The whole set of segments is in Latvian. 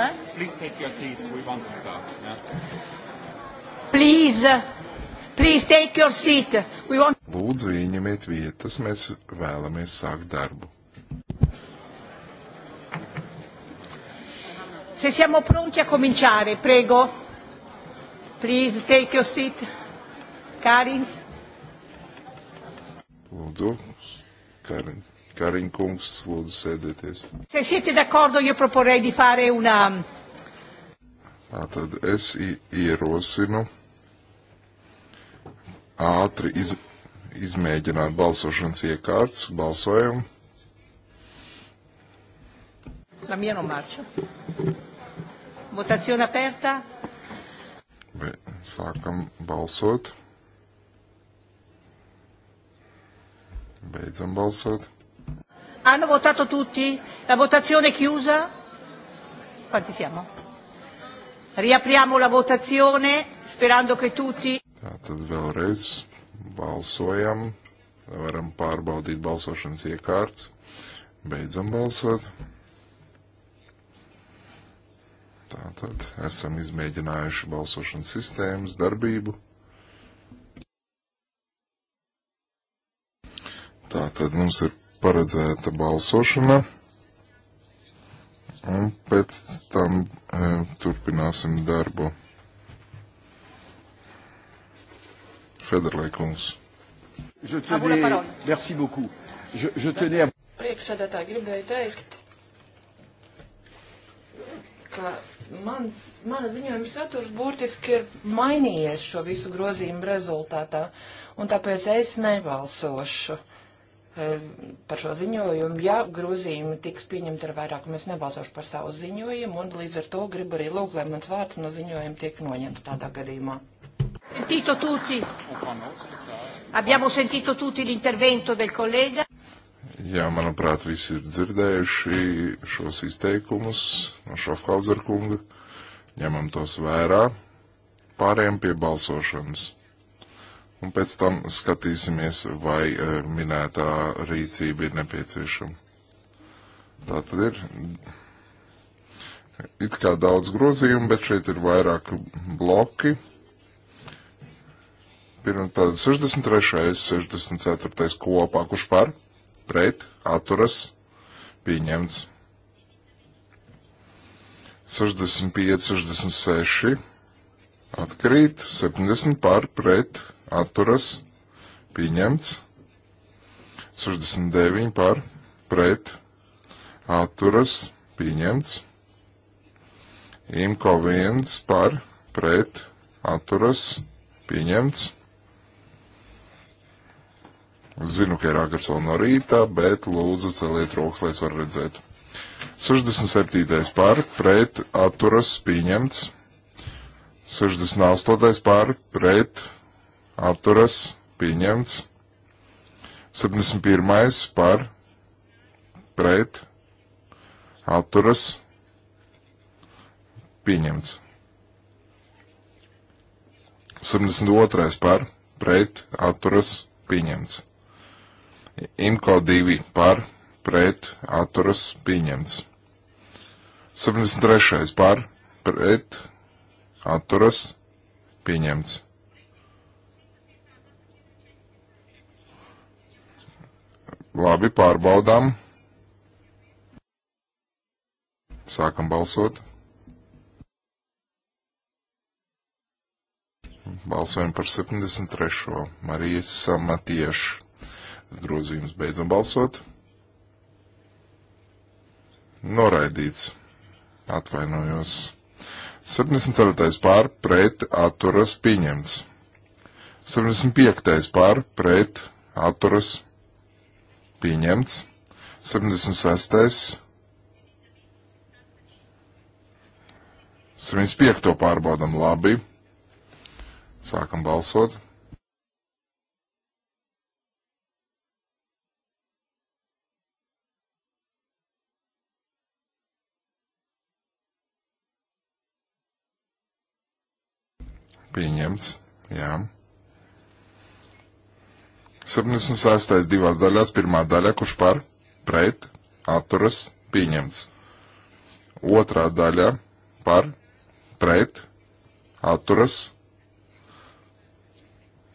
Eh? Please take your seats. We want to start. Yeah? Please, please take your seat. We want. Lūdzu, ieņemiet vietas. Mēs vēlamies sākt darbu. Se siamo pronti a cominciare, prego. Please take your seat. Karins. Lūdzu, Karins. Kariņkungs, lūdzu sēdieties. Se siete d'accordo, io proporrei di fare una... Tātad es ierosinu ātri iz, izmēģināt balsošanas iekārtas, balsojumu. La mia non marcia. Votazione aperta. Be, sākam balsot. Beidzam balsot. Hanno votato tutti? La votazione è chiusa? Quanti siamo? Riapriamo la votazione sperando che tutti. Tātad vēlreiz balsojam, varam pārbaudīt balsošanas iekārts, beidzam balsot. Tātad esam izmēģinājuši balsošanas sistēmas darbību. Tātad mums ir paredzēta balsošana. Un pēc tam e, turpināsim darbu. Federlaikungs. Tenais... Priekšsēdētāji gribēju teikt, ka mans, mana ziņojuma saturs būtiski ir mainījies šo visu grozījumu rezultātā, un tāpēc es nebalsošu. Uh, Um, par šo ziņojumu. Ja grozījumi tiks pieņemti ar vairākumu, es nebalsošu par savu ziņojumu, un līdz ar to gribu arī lūgt, lai mans vārds no ziņojuma tiek noņemts tādā gadījumā. Sentito tutti. Abbiamo sentito tutti l'intervento del collega. Jā, manuprāt, visi ir dzirdējuši šos izteikumus no Šofhauser kunga. Ņemam tos vērā. Pārējām pie balsošanas un pēc tam skatīsimies, vai eh, minētā rīcība ir nepieciešama. Tā tad ir it kā daudz grozījumu, bet šeit ir vairāk bloki. Pirmā tāda 63. 64. kopā, kurš par, pret, atturas, pieņemts. 65, 66, atkrīt, 70 par, pret, atturas, pieņemts. 69 par, pret, atturas, pieņemts. Imko 1 par, pret, atturas, pieņemts. Zinu, ka ir agars vēl no rīta, bet lūdzu celiet rokas, lai es varu redzēt. 67. par, pret, atturas, pieņemts. 68. par, pret, apturas pieņemts. 71. par pret atturas pieņemts. 72. par pret atturas pieņemts. Imko 2 par pret atturas pieņemts. 73. par pret atturas pieņemts. Labi, pārbaudām. Sākam balsot. Balsojam par 73. Marijas Samatiešu. Grozījums beidzam balsot. Noraidīts. Atvainojos. 74. pār pret atturas pieņemts. 75. pār pret atturas pieņemts pieņemts. 76. 75. pārbaudam labi. Sākam balsot. Pieņemts. Jā. 76. divās daļās, pirmā daļa, kurš par, pret, atturas, pieņemts. Otrā daļa, par, pret, atturas,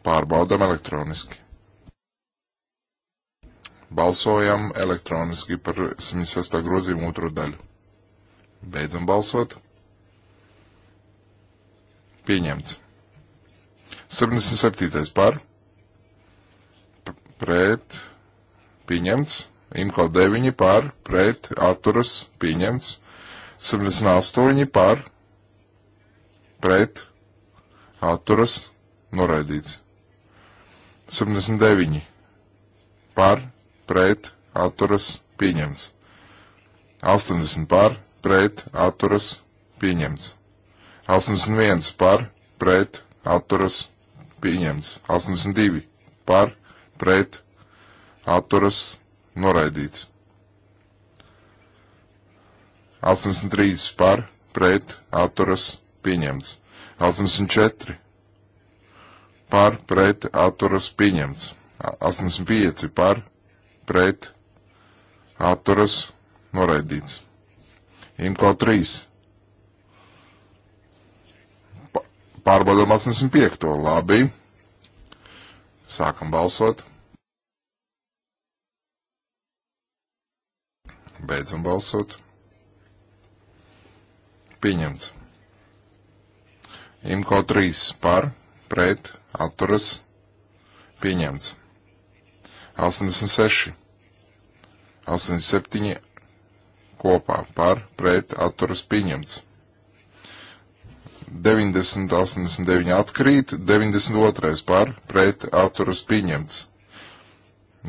pārbaudam elektroniski. Balsojam elektroniski par 76. grozījumu otro daļu. Beidzam balsot. Pieņemts. 77. par, pret pret, pieņemts. Imko 9 par, pret, atturas, pieņemts. 78 par, pret, atturas, noraidīts. 79 par, pret, atturas, pieņemts. 80 par, pret, atturas, pieņemts. 81 par, pret, atturas, pieņemts. 82 par, pret atturas noraidīts. 83 par pret atturas pieņemts. 84 par pret atturas pieņemts. 85 par pret atturas noraidīts. Imko 3. Pārbaudām 85. Labi. Sākam balsot. Beidzam balsot. Pieņemts. Imko 3 par, pret, atturas, pieņemts. 86, 87 kopā par, pret, atturas, pieņemts. 90, 89 atkrīt, 92 par, pret, atturas pieņemts.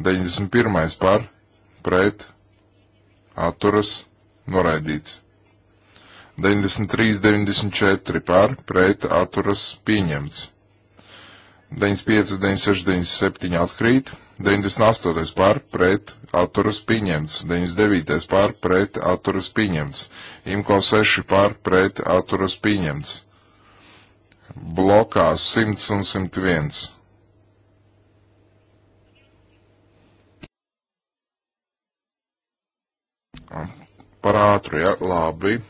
91 par, pret, atturas noraidīts. 93, 94 par, pret, atturas pieņemts. 95, 96, 97 atkrīt. 98. pār pret atturas pieņemts, 99. pār pret atturas pieņemts, IMCO 6 pār pret atturas pieņemts, blokā 100 un 101. Par ātru, ja, labi.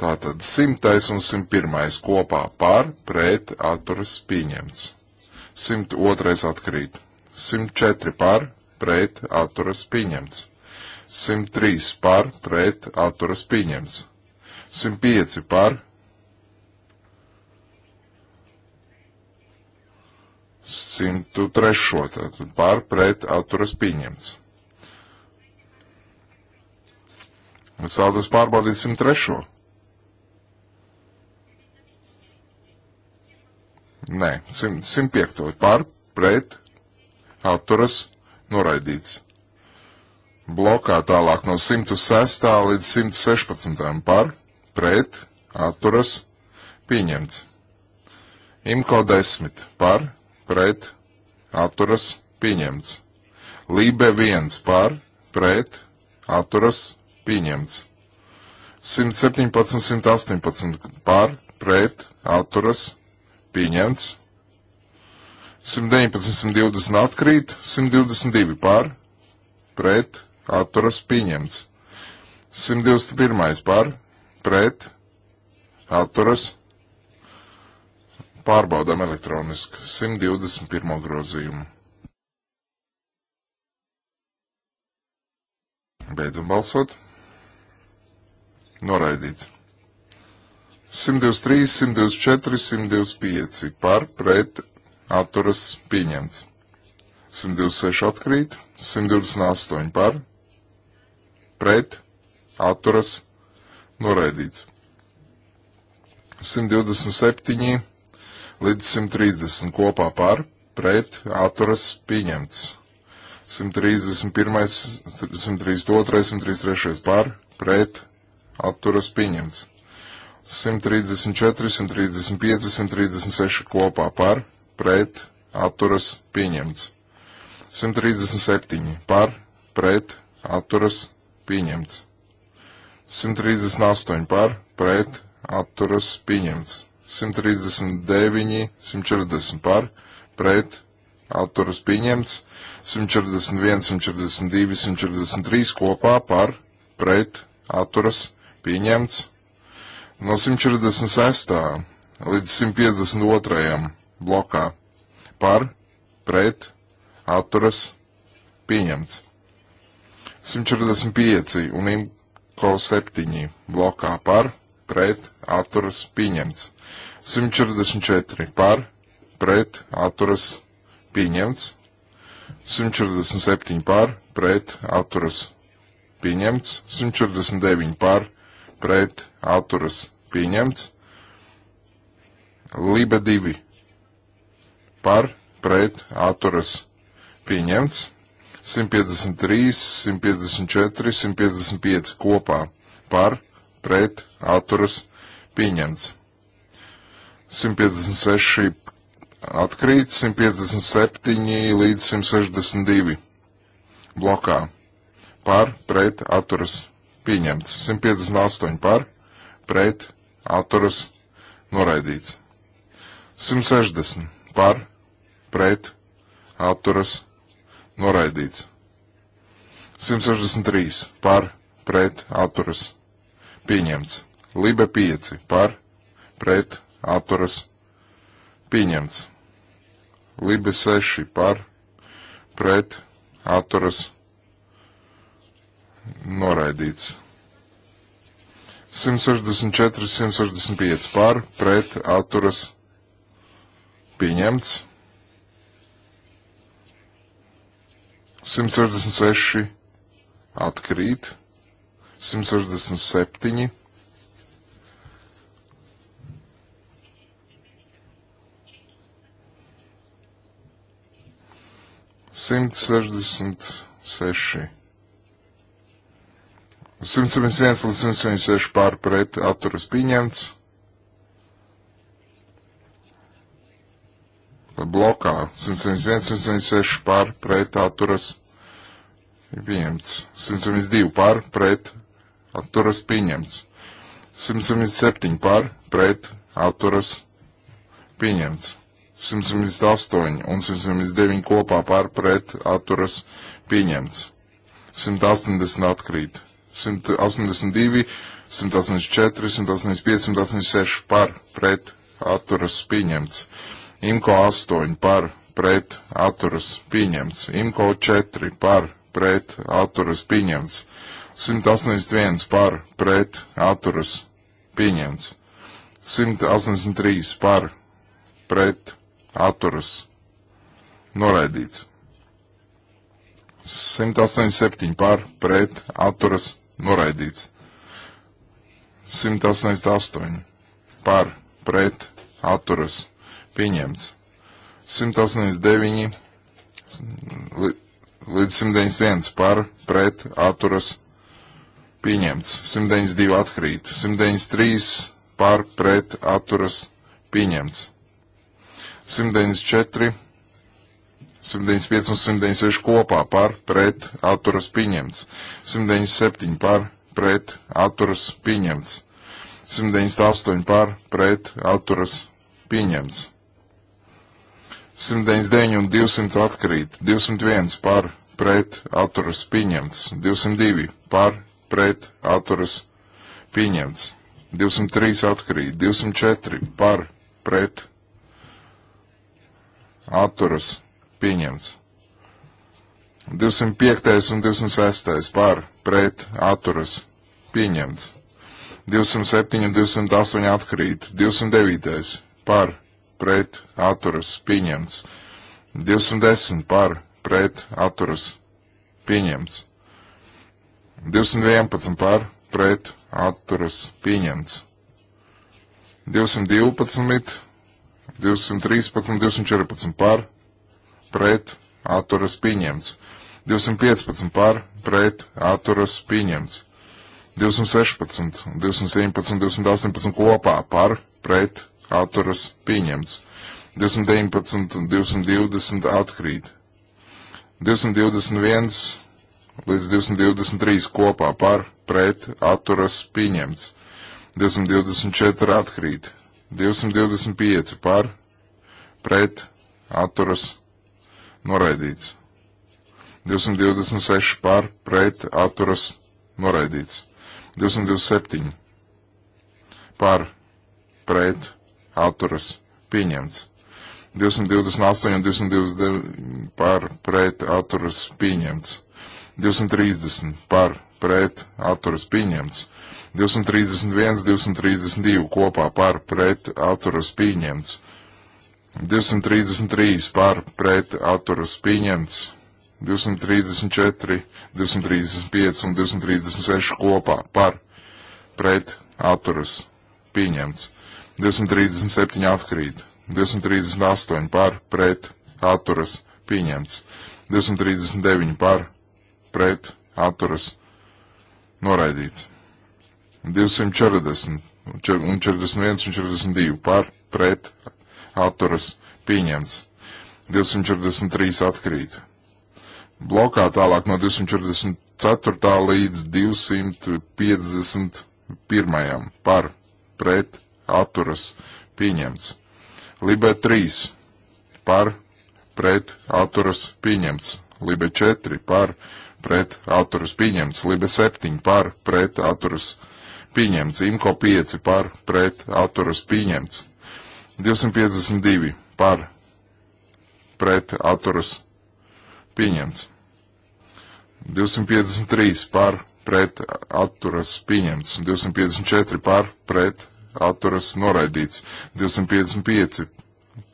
Tātad 100 un 101 kopā par pret atturas pieņemts. 102 atkrīt. 104 par, pret, atturas pieņemts. 103 par, pret, atturas pieņemts. 105 par. 103. Tātad par pret atturas pieņemts. Es vēlos pārbaudīt 103. Nē, 105. par pret atturas noraidīts. Blokā tālāk no 106. līdz 116. par, pret, atturas pieņemts. Imko 10 par, pret, atturas pieņemts. Lībe 1 par, pret, atturas pieņemts. 117, 118 par, pret, atturas pieņemts. 119, 120 atkrīt, 122 par, pret, atturas pieņemts. 121 par, pret, atturas, pārbaudām elektroniski 121 grozījumu. Beidzam balsot. Noraidīts. 123, 124, 125 par, pret, atturas pieņemts. 126 atkrīt, 128 par, pret, atturas, noraidīts. 127 līdz 130 kopā par, pret, atturas, pieņemts. 131, 132, 133 par, pret, atturas, pieņemts. 134, 135, 136 kopā par, pret, atturas, pieņemts. 137 par, pret, atturas, pieņemts. 138 par, pret, atturas, pieņemts. 139, 140 par, pret, atturas, pieņemts. 141, 142, 143 kopā par, pret, atturas, pieņemts. No 146. līdz 152 blokā par, pret, atturas, pieņemts. 145 un imko 7 blokā par, pret, atturas, pieņemts. 144 par, pret, atturas, pieņemts. 147 par, pret, atturas, pieņemts. 149 par, pret, atturas, pieņemts. Libe 2 par pret atturas pieņemts. 153, 154, 155 kopā par pret atturas pieņemts. 156 atkrīt, 157 līdz 162 blokā par pret atturas pieņemts. 158 par pret atturas noraidīts. 160 par pret atturas noraidīts. 163 par pret atturas pieņemts. Libe 5 par pret atturas pieņemts. Libe 6 par pret atturas noraidīts. 164, 165 par pret atturas pieņemts. 166 atkrīt, 167. Simt sešdesmit seši. Simts septiņdesmit viens līdz simts septiņdesmit seši pārpret atturas pieņemts. blokā 171, 176 par pret atturas pieņemts, 172 par pret atturas pieņemts, 177 par pret atturas pieņemts, 178 un 179 kopā par pret atturas pieņemts, 180 atkrīt, 182, 184, 185, 186 par pret atturas pieņemts. Imko 8 par pret atturas pieņemts. Imko 4 par pret atturas pieņemts. 181 par pret atturas pieņemts. 183 par pret atturas noraidīts. 187 par pret atturas noraidīts. 188 par pret atturas pieņemts. 189 līdz 191 par pret atturas pieņemts. 192 atkrīt. 193 par pret atturas pieņemts. 194, 195 un 196 kopā par pret atturas pieņemts. 197 par pret atturas pieņemts. 198 par pret atturas pieņemts. 199 un 200 atkrīt, 201 par pret atturas pieņemts, 202 par pret atturas pieņemts, 203 atkrīt, 204 par pret atturas pieņemts, 205 un 206 par pret atturas pieņemts, 207 un 208 atkrīt, 209 par pret pret atturas pieņemts. 210 par pret atturas pieņemts. 211 par pret atturas pieņemts. 212, 213, 214 par pret atturas pieņemts. 215 par pret atturas pieņemts. 216, 217, 218 kopā par pret atturas pieņemts. 219 un 220 atkrīt. 221 līdz 223 kopā par pret atturas pieņemts. 224 atkrīt. 225 par pret atturas noraidīts. 226 par pret atturas noraidīts. 227 par pret atturas pieņemts. 228 un 229 par pret atturas pieņemts. 230 par pret atturas pieņemts. 231, 232 kopā par pret atturas pieņemts. 233 par pret atturas pieņemts. 234, 235 un 236 kopā par pret atturas pieņemts. 237 atkrīt, 238 par, pret, atturas, pieņemts, 239 par, pret, atturas, noraidīts, 240 un 41 un 42 par, pret, atturas, pieņemts, 243 atkrīt. Blokā tālāk no 244 līdz 251 par, pret, atturas pieņemts. Libe 3 par pret atturas pieņemts. Libe 4 par pret atturas pieņemts. Libe 7 par pret atturas pieņemts. Imko 5 par pret atturas pieņemts. 252 par pret atturas pieņemts. 253 par pret atturas pieņemts, 254 par pret atturas noraidīts. 255.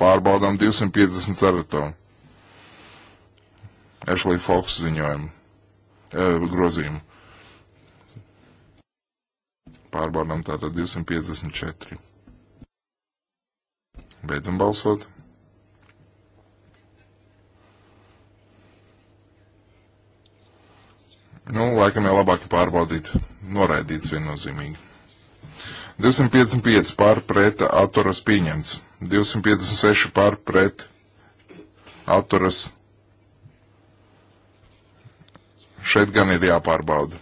Pārbaudām 250 cereto. Ashley Fox ziņojumu. E, grozījumu. Pārbaudām tātad 254. Beidzam balsot. Nu, laikam jau labāk pārbaudīt, noraidīts viennozīmīgi. 255 pār pret atturas pieņemts. 256 pār pret atturas. Šeit gan ir jāpārbauda.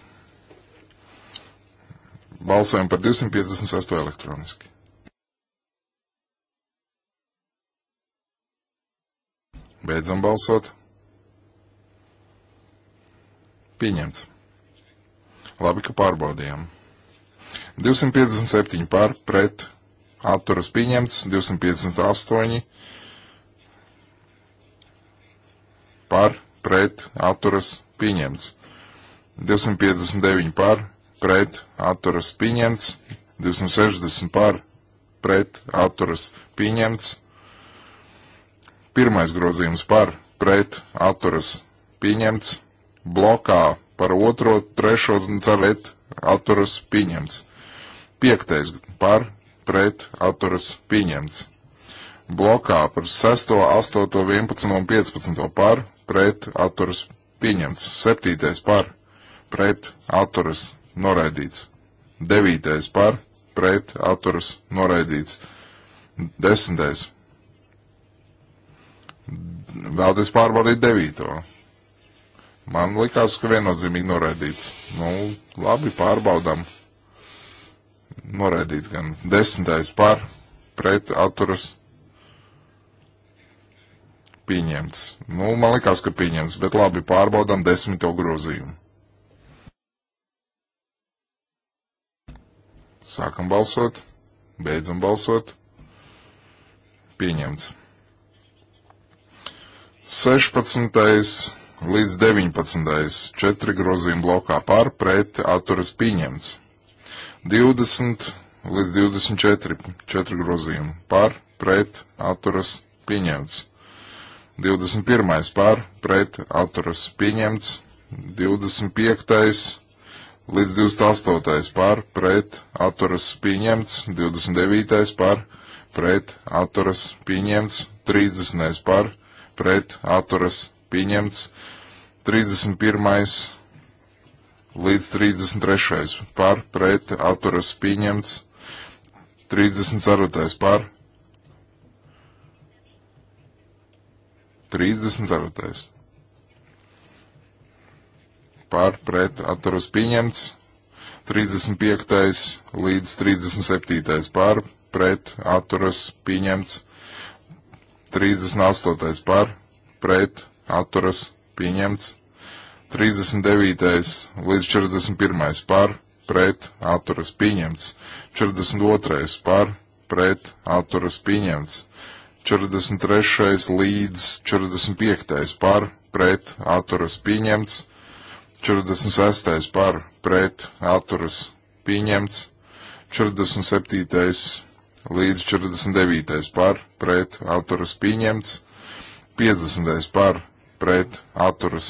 Balsojam par 258 elektroniski. Beidzam balsot. Pieņemts. Labi, ka pārbaudījām. 257 par pret atturas pieņemts, 258 par pret atturas pieņemts, 259 par pret atturas pieņemts, 260 par pret atturas pieņemts, pirmais grozījums par pret atturas pieņemts, blokā par otro, trešo un ceļet atturas pieņemts. Piektais par pret atturas pieņemts. Blokā par 6, 8, 11 un 15 par pret atturas pieņemts. 7. par pret atturas noraidīts. 9. par pret atturas noraidīts. 10. Vēlties pārbaudīt 9. Man likās, ka viennozīmīgi noraidīts. Nu, labi, pārbaudām noraidīts gan desmitais par, pret, atturas, pieņemts. Nu, man likās, ka pieņemts, bet labi, pārbaudām desmito grozījumu. Sākam balsot, beidzam balsot, pieņemts. 16. līdz 19. četri grozījuma blokā par, pret, atturas, pieņemts. 20 līdz 24, 4 grozījumi par, pret, atturas, pieņemts. 21. par, pret, atturas, pieņemts. 25. līdz 28. par, pret, atturas, pieņemts. 29. par, pret, atturas, pieņemts. 30. par, pret, atturas, pieņemts. 31 līdz 33. par pret atturas pieņemts, 34. par 34. par pret atturas pieņemts, 35. līdz 37. par pret atturas pieņemts, 38. par pret atturas pieņemts. 39. līdz 41. par pret atturas pieņemts, 42. par pret atturas pieņemts, 43. līdz 45. par pret atturas pieņemts, 46. par pret atturas pieņemts, 47. līdz 49. par pret atturas pieņemts, 50. par pret atturas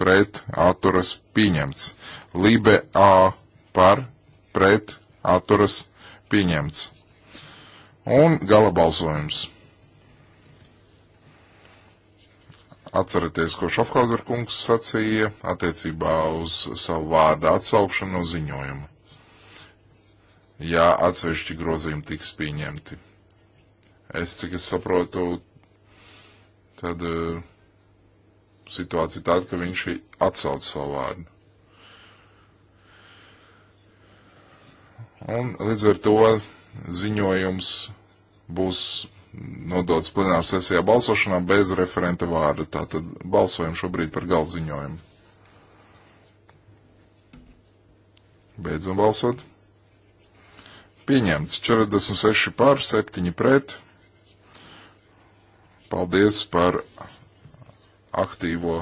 pret atturas pieņemts. Libe A par pret atturas pieņemts. Un gala balsojums. Atcerieties, ko Šafhauser kungs sacīja attiecībā uz savu vārdu atsaukšanu ziņojumu. Jā, atsevišķi grozījumi tiks pieņemti. Es, cik es saprotu, tad uh, situācija tāda, ka viņš atsauc savu vārdu. Un līdz ar to ziņojums būs nodots plenāra sesijā balsošanā bez referenta vārda. Tātad balsojam šobrīd par galziņojumu. Beidzam balsot. Pieņemts 46 pār 7 pret. Paldies par aktīvo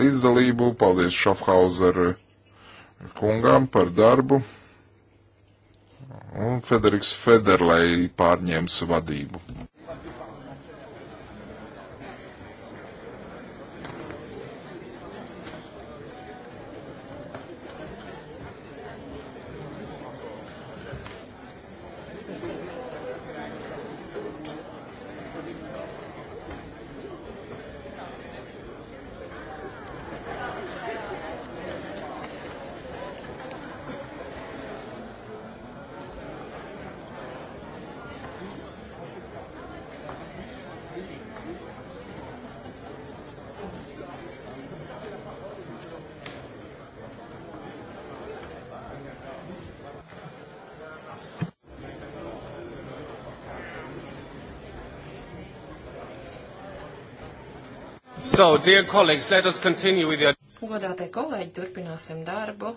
līdzdalību. Paldies Šafhauser kungām par darbu. Un Federiks Federlei pārņems vadību. dear colleagues, let us continue with your... Godātie kolēģi, turpināsim darbu.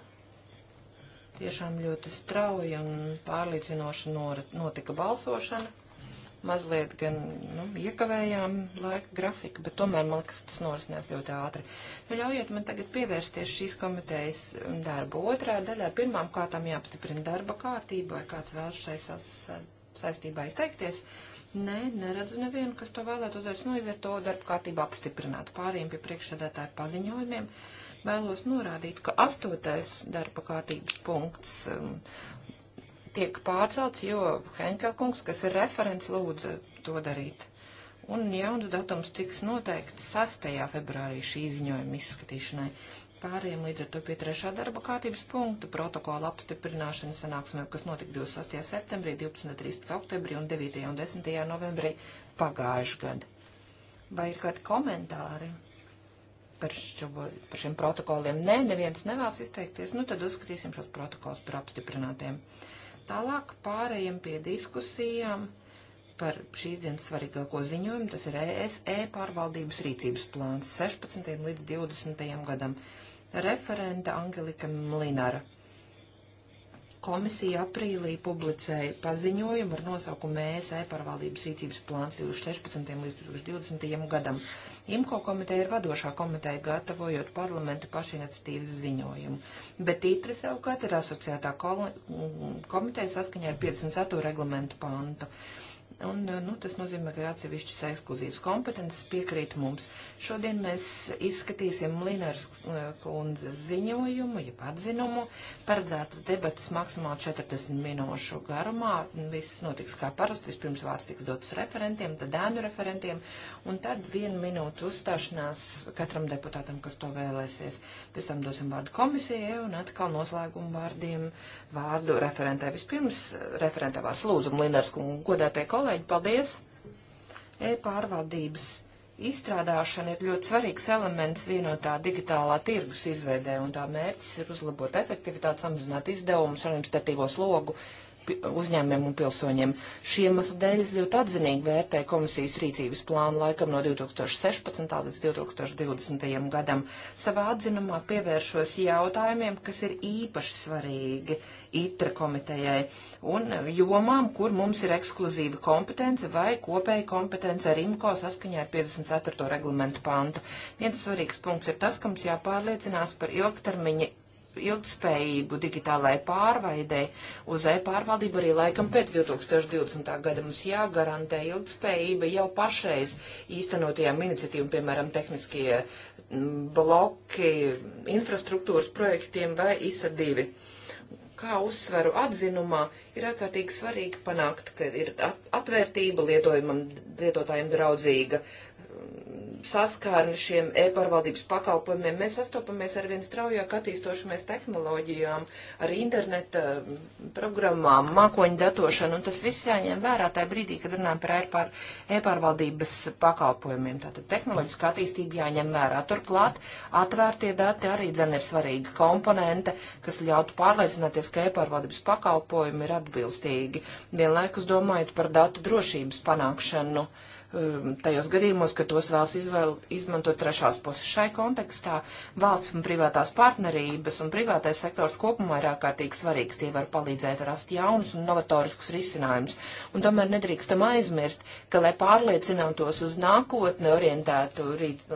Tiešām ļoti strauji un pārliecinoši notika balsošana. Mazliet gan nu, iekavējām laika grafiku, bet tomēr man liekas, tas norisinās ļoti ātri. Nu, ļaujiet man tagad pievērsties šīs komitejas darbu. Otrā daļā pirmām kārtām jāapstiprina darba kārtība vai kāds vēl šai saistībā izteikties. Uh, Nē, neredzu nevienu, kas to vēlētos darīt. Nu, līdz ar to darba kārtību apstiprināt. Pārējiem pie priekšsēdētāju paziņojumiem vēlos norādīt, ka astotais darba kārtības punkts um, tiek pārcelts, jo Henkelkungs, kas ir referents, lūdza to darīt. Un jauns datums tiks noteikts 6. februārī šī ziņojuma izskatīšanai pārējiem līdz ar to pie trešā darba kārtības punktu protokola apstiprināšana sanāksmēm, kas notika 28. septembrī, 12. 13. oktobrī un 9. un 10. novembrī pagājuši gadu. Vai ir kādi komentāri par, šo, par šiem protokoliem? Nē, neviens nevēlas izteikties, nu tad uzskatīsim šos protokols par apstiprinātiem. Tālāk pārējiem pie diskusijām par šīs dienas svarīgāko ziņojumu, tas ir ESE e pārvaldības rīcības plāns 16. līdz 20. gadam referenta Angelika Mlinara. Komisija aprīlī publicēja paziņojumu ar nosaukumu ESE pārvaldības rīcības plāns 2016. līdz 2020. gadam. IMKO komiteja ir vadošā komiteja gatavojot parlamentu pašiniciatīvas ziņojumu, bet ITRI savukārt ir asociētā komiteja saskaņā ar 54. reglamentu pantu. Uh, Un, eh, nu, tas nozīmē, ka ir atsevišķas ekskluzīvas kompetences piekrīt mums. Šodien mēs izskatīsim Linars eh, kundzes ziņojumu, ja atzinumu, paredzētas debatas maksimāli 40 minūšu garumā. Viss notiks kā parasti, vispirms vārds tiks dots referentiem, tad dēnu referentiem, un tad vienu minūtu uzstāšanās katram deputātam, kas to vēlēsies. Pēc tam dosim vārdu komisijai un atkal noslēgumu vārdiem vārdu referentē. Vispirms eh, referentē vārds lūzumu Linars kungu godātie kolēģi kolēģi, paldies! E-pārvaldības izstrādāšana ir ļoti svarīgs elements vienotā digitālā tirgus izveidē, un tā mērķis ir uzlabot efektivitāti, samazināt izdevumus, administratīvo slogu uzņēmumiem un pilsoņiem. Šī iemesla dēļ es ļoti atzinīgi vērtēju komisijas rīcības plānu laikam no 2016. līdz 2020. gadam. Savā atzinumā pievēršos jautājumiem, kas ir īpaši svarīgi ITRA komitejai un jomām, kur mums ir ekskluzīva kompetence vai kopēja kompetence ar IMCO saskaņā ar 54. reglamentu pantu. Viens svarīgs punkts ir tas, ka mums jāpārliecinās par ilgtermiņa ilgspējību digitālajai pārvaidei uz e-pārvaldību arī laikam pēc 2020. gada mums jāgarantē ilgspējība jau pašreiz īstenotajām iniciatīvām, piemēram, tehniskie bloki, infrastruktūras projektiem vai ISA 2. Kā uzsveru atzinumā, ir ārkārtīgi svarīgi panākt, ka ir atvērtība lietojumam, lietotājiem draudzīga saskārni šiem e-pārvaldības pakalpojumiem. Mēs sastopamies ar vien straujāk attīstošamies tehnoloģijām, ar interneta mm, programmām, mākoņu datošanu, un tas viss jāņem vērā tajā brīdī, kad runājam par e-pārvaldības pakalpojumiem. Tātad tehnoloģiska attīstība jāņem vērā. Turklāt atvērtie dati arī dzen ir svarīga komponente, kas ļautu pārliecināties, ka e-pārvaldības pakalpojumi ir atbilstīgi. Vienlaikus domājot par datu drošības panākšanu. Uh, Um, tajos gadījumos, ka tos vēlas izvēl, izmantot trešās puses. Šai kontekstā valsts un privātās partnerības un privātais sektors kopumā ir ārkārtīgi svarīgs. Tie var palīdzēt rast jaunus un novatoriskus risinājumus. Un tomēr nedrīkstam aizmirst, ka, lai pārliecinātos uz nākotni orientētu, rīt,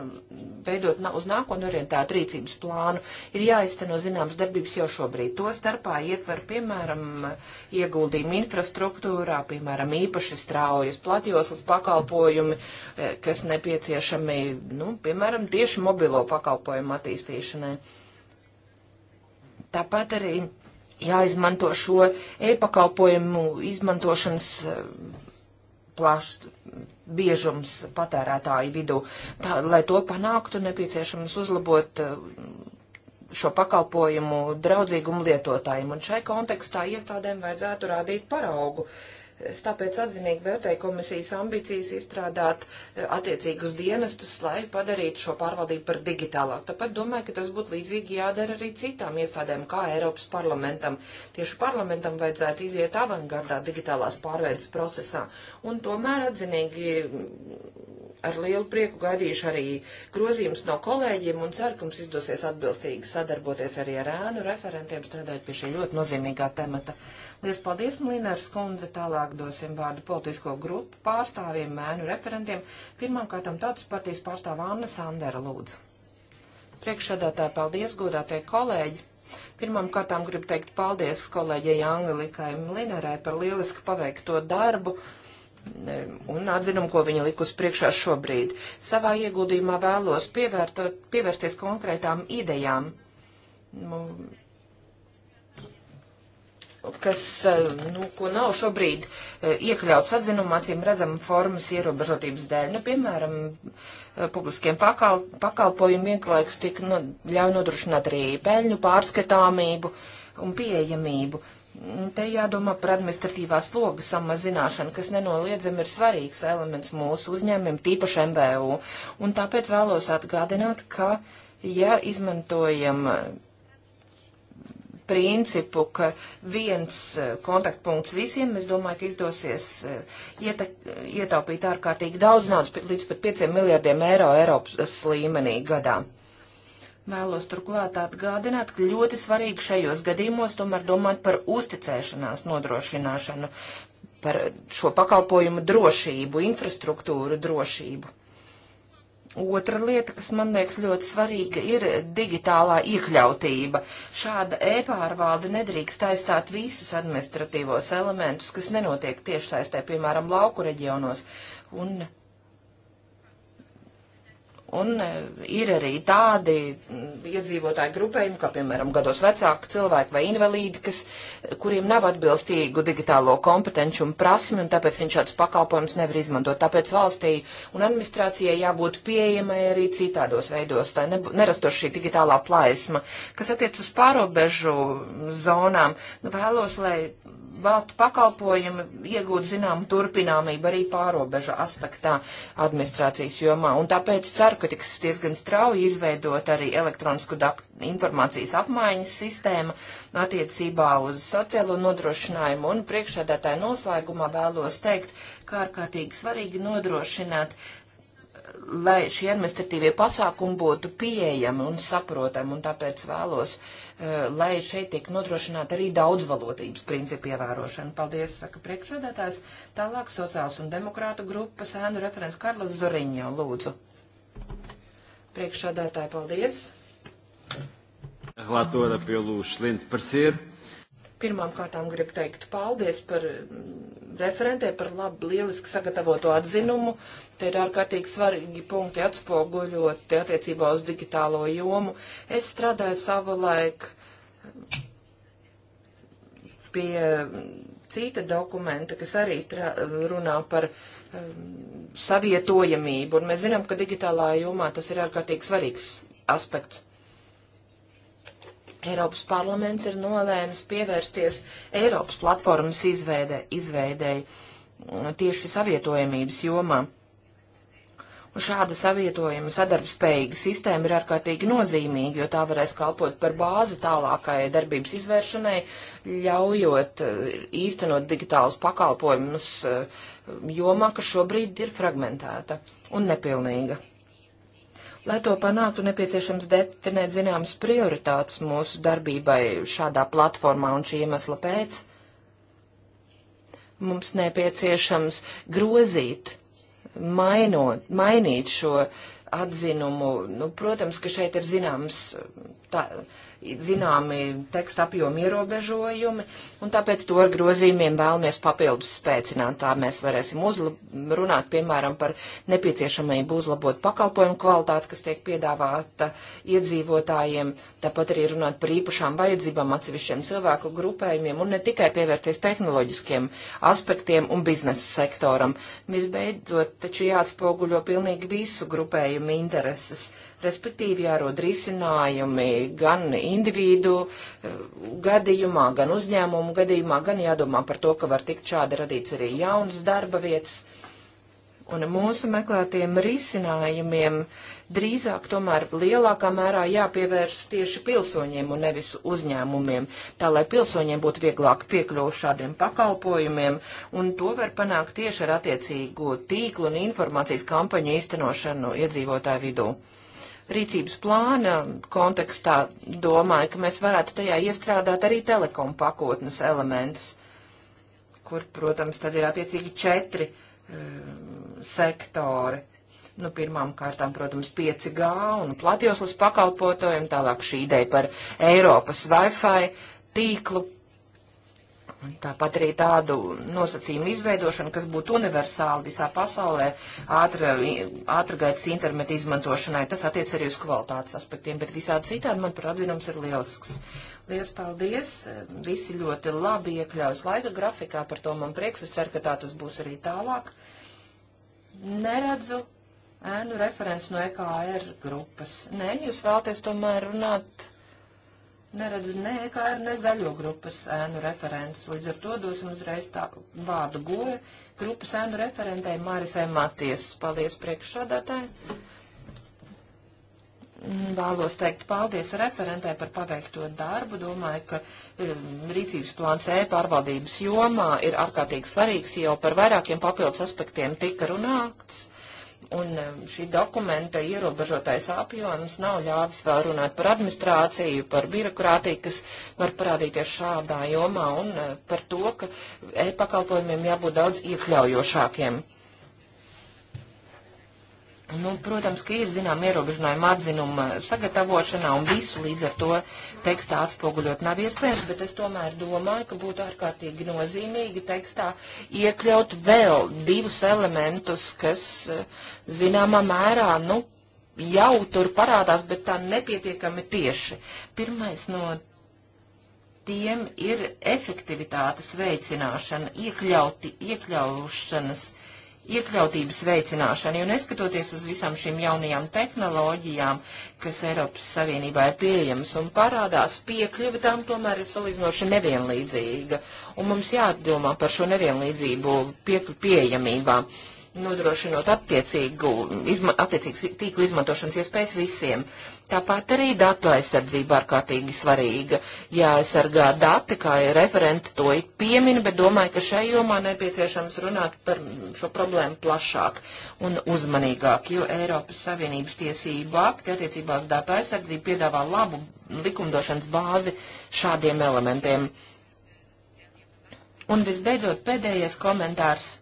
veidot uz nākotni orientētu rīcības plānu, ir jāizteno zināmas darbības jau šobrīd. To starpā ietver, piemēram, ieguldījumu infrastruktūrā, piemēram, īpaši straujas platjoslas pakalpojumus, uzlabojumi, e, kas nepieciešami, nu, piemēram, tieši mobilo pakalpojumu attīstīšanai. Tāpat arī jāizmanto šo e-pakalpojumu izmantošanas e, plašs biežums patērētāju vidū. Tā, lai to panāktu, nepieciešams uzlabot e, šo pakalpojumu draudzīgumu lietotājiem, un šai kontekstā iestādēm vajadzētu rādīt paraugu. Uh, Es tāpēc atzinīgi vērtēju komisijas ambīcijas izstrādāt eh, attiecīgus dienestus, lai padarītu šo pārvaldību par digitālāku. Tāpat domāju, ka tas būtu līdzīgi jādara arī citām iestādēm, kā Eiropas parlamentam. Tieši parlamentam vajadzētu iziet avangardā digitālās pārveidas procesā. Un tomēr atzinīgi mm, ar lielu prieku gaidīšu arī grozījumus no kolēģiem un ceru, ka mums izdosies atbilstīgi sadarboties arī ar ēnu referentiem, strādājot pie šī ļoti nozīmīgā temata. Lies paldies, Mlīnērs kundze, tālāk. Tālāk dosim vārdu politisko grupu pārstāvjiem, mēnu referentiem. Pirmkārtām tautas partijas pārstāva Anna Sandera lūdzu. Priekšsēdētāji, paldies, godātie kolēģi! Pirmām kārtām gribu teikt paldies kolēģei Angelikai Mlinerai par lieliski paveikto darbu e, un atzinumu, ko viņa likus priekšā šobrīd. Savā ieguldījumā vēlos pievērtot, pievērsties konkrētām idejām. Nu, kas, eh, nu, ko nav šobrīd eh, iekļauts atzinumā, acīm redzam, formas ierobežotības dēļ. Nu, piemēram, eh, publiskiem pakal, pakalpojumiem vienlaikus tik nu, ļauj nodrošināt arī peļņu pārskatāmību un pieejamību. Te jādomā par administratīvās slogas samazināšanu, kas nenoliedzami ir svarīgs elements mūsu uzņēmumiem, tīpaši MVU. Un tāpēc vēlos atgādināt, ka, ja izmantojam principu, ka viens eh, kontaktpunkts visiem, es domāju, ka izdosies eh, ietek, ietaupīt ārkārtīgi daudz naudas, līdz pat 5 miljardiem eiro Eiropas līmenī gadā. Vēlos turklāt atgādināt, ka ļoti svarīgi šajos gadījumos tomēr domāt par uzticēšanās nodrošināšanu, par šo pakalpojumu drošību, infrastruktūru drošību. Otra lieta, kas man liekas ļoti svarīga, ir digitālā iekļautība. Šāda e-pārvalde nedrīkst aizstāt visus administratīvos elementus, kas nenotiek tiešsaistē, piemēram, lauku reģionos. Un Un e, ir arī tādi iedzīvotāji grupējumi, kā piemēram gados vecāki cilvēki vai invalīdi, kas, kuriem nav atbilstīgu digitālo kompetenci un prasmi, un tāpēc viņš šādus pakalpojumus nevar izmantot. Tāpēc valstī un administrācijai jābūt pieejamai arī citādos veidos, lai nerastos šī digitālā plaisma. Kas attiec uz pārobežu zonām, nu, vēlos, lai valstu pakalpojumi iegūt zinām turpināmību arī pārobežu aspektā administrācijas jomā. Un tāpēc ceru, ka tiks diezgan strauji izveidot arī elektronisku informācijas apmaiņas sistēma attiecībā uz sociālo nodrošinājumu. Un priekšādātāju noslēgumā vēlos teikt, kā ārkārtīgi svarīgi nodrošināt lai šie administratīvie pasākumi būtu pieejami un saprotami, un tāpēc vēlos uh, Eh, lai šeit tiek nodrošināta arī daudzvalodības principu ievērošana. Paldies, saka priekšsēdētājs. Tālāk sociāls un demokrātu grupas ēnu referents Karlos Zoriņo, lūdzu. Priekšsēdētāji, paldies. Relatora pelo excelente parecer. Pirmām kārtām gribu teikt paldies par mm, referentē, par labi, lieliski sagatavoto atzinumu. Te ir ārkārtīgi svarīgi punkti atspoguļot attiecībā uz digitālo jomu. Es strādāju savu laiku pie cita dokumenta, kas arī strā, runā par um, savietojamību, un mēs zinām, ka digitālā jomā tas ir ārkārtīgi svarīgs aspekts. Eiropas parlaments ir nolēmis pievērsties Eiropas platformas izveidē, izveidēji uh, tieši savietojamības jomā. Un šāda savietojuma sadarbspējīga sistēma ir ārkārtīgi nozīmīga, jo tā varēs kalpot par bāzi tālākajai darbības izvēršanai, ļaujot uh, īstenot digitālus pakalpojumus uh, jomā, kas šobrīd ir fragmentēta un nepilnīga. Lai to panāktu, nepieciešams definēt zināmas prioritātes mūsu darbībai šādā platformā un šī iemesla pēc. Mums nepieciešams grozīt, mainot, mainīt šo atzinumu. Nu, protams, ka šeit ir zināms tā, uh, zināmi teksta apjomi ierobežojumi, un tāpēc to ar grozījumiem vēlamies papildus spēcināt. Tā mēs varēsim runāt, piemēram, par nepieciešamību uzlabot pakalpojumu kvalitāti, kas tiek piedāvāta iedzīvotājiem, tāpat arī runāt par īpašām vajadzībām atsevišķiem cilvēku grupējumiem, un ne tikai pievērties tehnoloģiskiem aspektiem un biznesa sektoram. Visbeidzot, taču jāatspoguļo pilnīgi visu grupējumu intereses respektīvi jārod risinājumi gan individu eh, gadījumā, gan uzņēmumu gadījumā, gan jādomā par to, ka var tikt šādi radīts arī jaunas darba vietas. Un mūsu meklētiem risinājumiem drīzāk tomēr lielākā mērā jāpievēršas tieši pilsoņiem un nevis uzņēmumiem, tā lai pilsoņiem būtu vieglāk piekļuvu šādiem pakalpojumiem, un to var panākt tieši ar attiecīgo tīklu un informācijas kampaņu īstenošanu iedzīvotāju vidū rīcības plāna kontekstā domāju, ka mēs varētu tajā iestrādāt arī telekom pakotnes elementus, kur, protams, tad ir attiecīgi četri um, sektori. Nu, pirmām kārtām, protams, 5G un platjoslas pakalpotojumi, tālāk šī ideja par Eiropas Wi-Fi tīklu Tāpat arī tādu nosacījumu izveidošanu, kas būtu universāli visā pasaulē, ātra, ātra gaitas internetu izmantošanai. Tas attiec arī uz kvalitātes aspektiem, bet visādi citādi, manuprāt, atzinums ir lielisks. Lielas paldies! Visi ļoti labi iekļaujas laika grafikā, par to man prieks. Es ceru, ka tā tas būs arī tālāk. Neredzu ēnu referents no EKR grupas. Nē, jūs vēlaties tomēr runāt neredzu ne EKR, ne zaļo grupas ēnu referents. Līdz ar to dosim uzreiz tā vārdu goja grupas ēnu referentei Mārisai Maties. Paldies priekšsādātāji. Vēlos teikt paldies referentē par paveikto darbu. Domāju, ka um, rīcības plāns e-pārvaldības jomā ir ārkārtīgi svarīgs, jo par vairākiem papildus aspektiem tika runāts un um, šī dokumenta ierobežotais apjoms nav ļāvis vēl runāt par administrāciju, par birokrātiju, kas var parādīties šādā jomā, un uh, par to, ka e-pakalpojumiem jābūt daudz iekļaujošākiem. Nu, protams, ka ir zinām ierobežojumi atzinuma sagatavošanā un visu līdz ar to tekstā atspoguļot nav iespējams, bet es tomēr domāju, ka būtu ārkārtīgi nozīmīgi tekstā iekļaut vēl divus elementus, kas uh, zināmā mērā, nu, jau tur parādās, bet tā nepietiekami tieši. Pirmais no tiem ir efektivitātes veicināšana, iekļauti, iekļaušanas, iekļautības veicināšana, jo neskatoties uz visām šīm jaunajām tehnoloģijām, kas Eiropas Savienībā ir pieejamas un parādās, piekļuva tām tomēr ir salīdzinoši nevienlīdzīga, un mums jādomā par šo nevienlīdzību pie, pieejamībā. Uh, nodrošinot attiecīgu, izma, attiecīgas tīkla izmantošanas iespējas visiem. Tāpat arī datu aizsardzība ārkārtīgi svarīga. Jāaizsargā dati, kā ir referenti to ik piemina, bet domāju, ka šai jomā nepieciešams runāt par šo problēmu plašāk un uzmanīgāk, jo Eiropas Savienības tiesība akti attiecībā uz datu aizsardzību piedāvā labu likumdošanas bāzi šādiem elementiem. Un visbeidzot pēdējais komentārs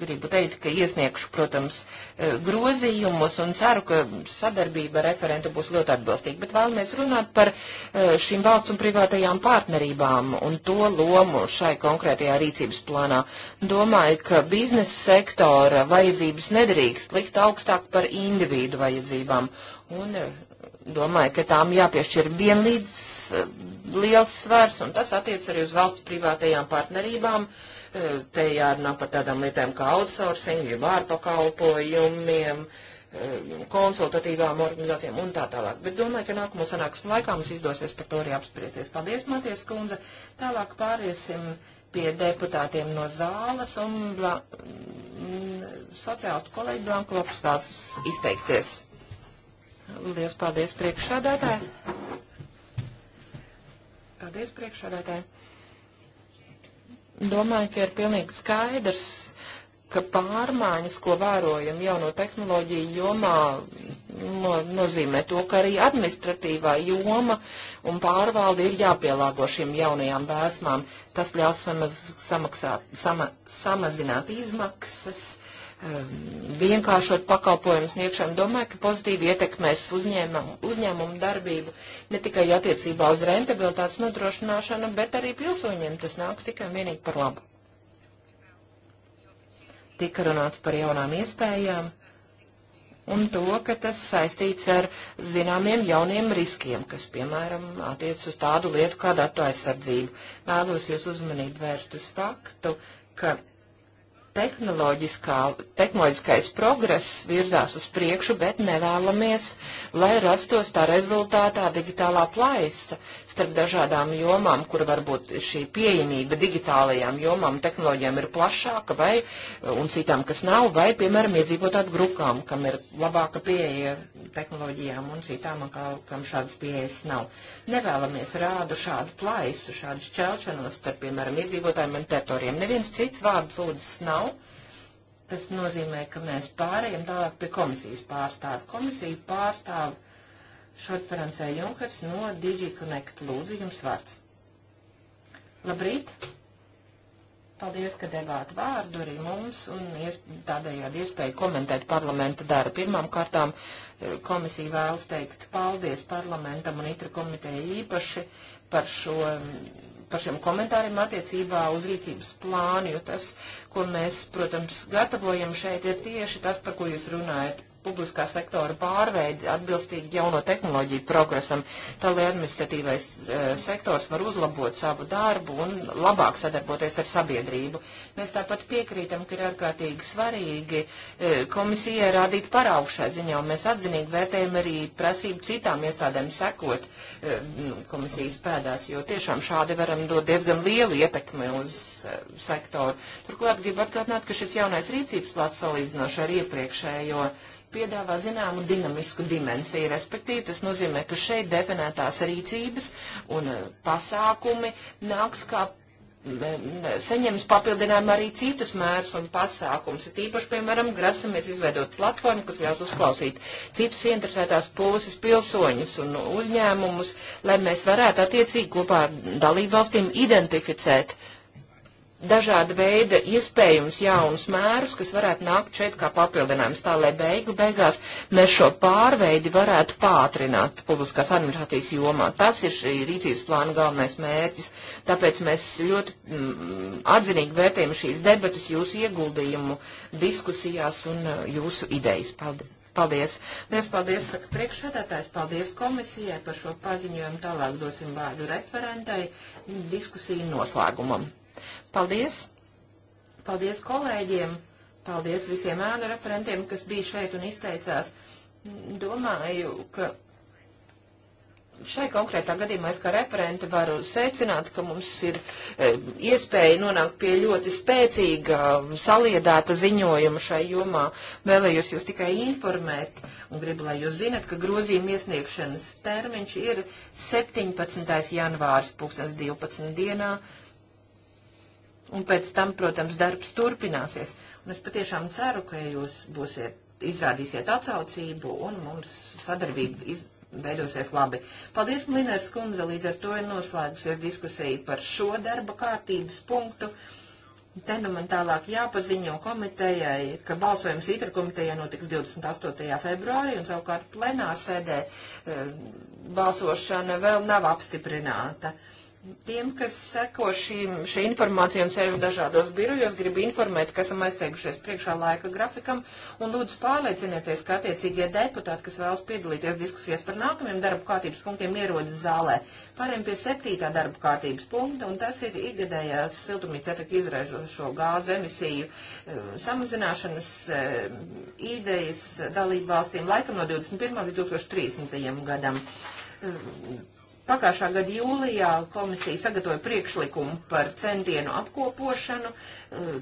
gribu teikt, ka iesniegšu, protams, e, grozījumus un ceru, ka sadarbība ar referentu būs ļoti atbilstīga. Bet vēlamies runāt par e, šīm valsts un privātajām partnerībām un to lomu šai konkrētajā rīcības plānā. Domāju, ka biznesa sektora vajadzības nedrīkst likt augstāk par individu vajadzībām. Un e, domāju, ka tām jāpiešķir vienlīdz liels svars, un tas attiec arī uz valsts privātajām partnerībām. Uh, Te jārunā par tādām lietām kā outsourcing, jeb ārpakalpojumiem, eh, konsultatīvām organizācijām un tā tālāk. Bet domāju, ka nākamo sanāksmu laikā mums izdosies par to arī apspriesties. Paldies, Maties kundze. Tālāk pāriesim pie deputātiem no zāles un bla, m, mm, sociālistu kolēģi Blanku Lopstās izteikties. Lielas paldies priekšsādātāji. Paldies priekšsādātāji domāju, ka ir pilnīgi skaidrs, ka pārmaiņas, ko vērojam jauno tehnoloģiju jomā, no, nozīmē to, ka arī administratīvā joma un pārvalde ir jāpielāgo šīm jaunajām vēsmām. Tas ļaus samaz, samaksāt, sama, samazināt izmaksas Um, vienkāršot pakalpojumu sniegšanu, domāju, ka pozitīvi ietekmēs uzņēmumu, uzņēmumu darbību ne tikai attiecībā uz rentabilitātes nodrošināšanu, bet arī pilsoņiem tas nāks tikai un vienīgi par labu. Tika runāts par jaunām iespējām un to, ka tas saistīts ar zināmiem jauniem riskiem, kas, piemēram, attiec uz tādu lietu kā datu aizsardzību. Vēlos jūs uzmanību vērst uz faktu, ka tehnoloģiskais progress virzās uz priekšu, bet nevēlamies, lai rastos tā rezultātā digitālā plaisa starp dažādām jomām, kur varbūt šī pieejamība digitālajām jomām un tehnoloģijām ir plašāka vai un citām, kas nav, vai, piemēram, iedzīvotāju grupām, kam ir labāka pieeja tehnoloģijām un citām, kam šādas pieejas nav. Nevēlamies rādu šādu plaisu, šādu šķelšanos starp, piemēram, iedzīvotājiem un teritorijiem. Neviens cits vārdu lūdzas nav. Tas nozīmē, ka mēs pārējiem tālāk pie komisijas pārstāvu. Komisija pārstāv šot Francē Junkers no DigiConnect. Lūdzu, jums vārds. Labrīt! Paldies, ka devāt vārdu arī mums un ies, tādējādi iespēju komentēt parlamenta darbu. Pirmām kārtām Komisija vēlas teikt paldies parlamentam un itra komiteja īpaši par šo par šiem komentāriem attiecībā uz rīcības plānu, jo tas, ko mēs, protams, gatavojam šeit, ir tieši tas, par ko jūs runājat publiskā sektora pārveidi atbilstīgi jauno tehnoloģiju progresam, tā lai administratīvais e, sektors var uzlabot savu darbu un labāk sadarboties ar sabiedrību. Mēs tāpat piekrītam, ka ir ārkārtīgi svarīgi e, komisijai rādīt paraugšai ziņā, un mēs atzinīgi vērtējam arī prasību citām iestādēm sekot e, komisijas pēdās, jo tiešām šādi varam dot diezgan lielu ietekmi uz e, sektoru. Turklāt gribu atgādināt, ka šis jaunais rīcības plāns salīdzinoši ar iepriekšējo piedāvā zināmu dinamisku dimensiju, respektīvi tas nozīmē, ka šeit definētās rīcības un e, pasākumi nāks kā saņems papildinājumu arī citus mērus un pasākums. Tīpaši, piemēram, grasamies izveidot platformu, kas ļaus uzklausīt citus interesētās puses, pilsoņus un uzņēmumus, lai mēs varētu attiecīgi kopā ar dalībvalstīm identificēt uh, dažāda veida iespējams jaunus mērus, kas varētu nākt šeit kā papildinājums, tā lai beigu beigās mēs šo pārveidi varētu pātrināt publiskās administrācijas jomā. Tas ir šī rīcības plāna galvenais mērķis, tāpēc mēs ļoti mm, atzinīgi vērtējam šīs debatas, jūsu ieguldījumu diskusijās un uh, jūsu idejas. Paldies! Paldies! Lies paldies, saka priekšsēdētājs, paldies komisijai par šo paziņojumu. Tālāk dosim vārdu referentai diskusiju noslēgumam. Paldies! Paldies kolēģiem! Paldies visiem ēnu referentiem, kas bija šeit un izteicās. Domāju, ka šai konkrētā gadījumā es kā referente varu secināt, ka mums ir e, iespēja nonākt pie ļoti spēcīga, saliedēta ziņojuma šai jomā. Vēlējos jūs tikai informēt un gribu, lai jūs zinat, ka grozījuma iesniegšanas termiņš ir 17. janvārs 2012. dienā. Un pēc tam, protams, darbs turpināsies. Un es patiešām ceru, ka jūs būsiet, izrādīsiet atsaucību un mums sadarbība iz, veidosies labi. Paldies, Linērs kundze, līdz ar to ir noslēgusies diskusija par šo darba kārtības punktu. Te nu man tālāk jāpaziņo komitejai, ka balsojums ITR komitejai notiks 28. februārī un savukārt plenārsēdē e, balsošana vēl nav apstiprināta. Uh, Tiem, kas seko šīm, šī informācija un sēž dažādos birojos, gribu informēt, ka esam aizteikušies priekšā laika grafikam un lūdzu pārliecinieties, ka attiecīgie deputāti, kas vēlas piedalīties diskusijās par nākamajiem darba kārtības punktiem, ierodas zālē. Pārējiem pie septītā darba kārtības punkta, un tas ir ikgadējās siltumnīca efektu izraižošo gāzu emisiju um, samazināšanas um, idejas dalību valstīm laikam no 21. līdz 2030. gadam um, Pagājušā gada jūlijā komisija sagatavoja priekšlikumu par centienu apkopošanu, eh,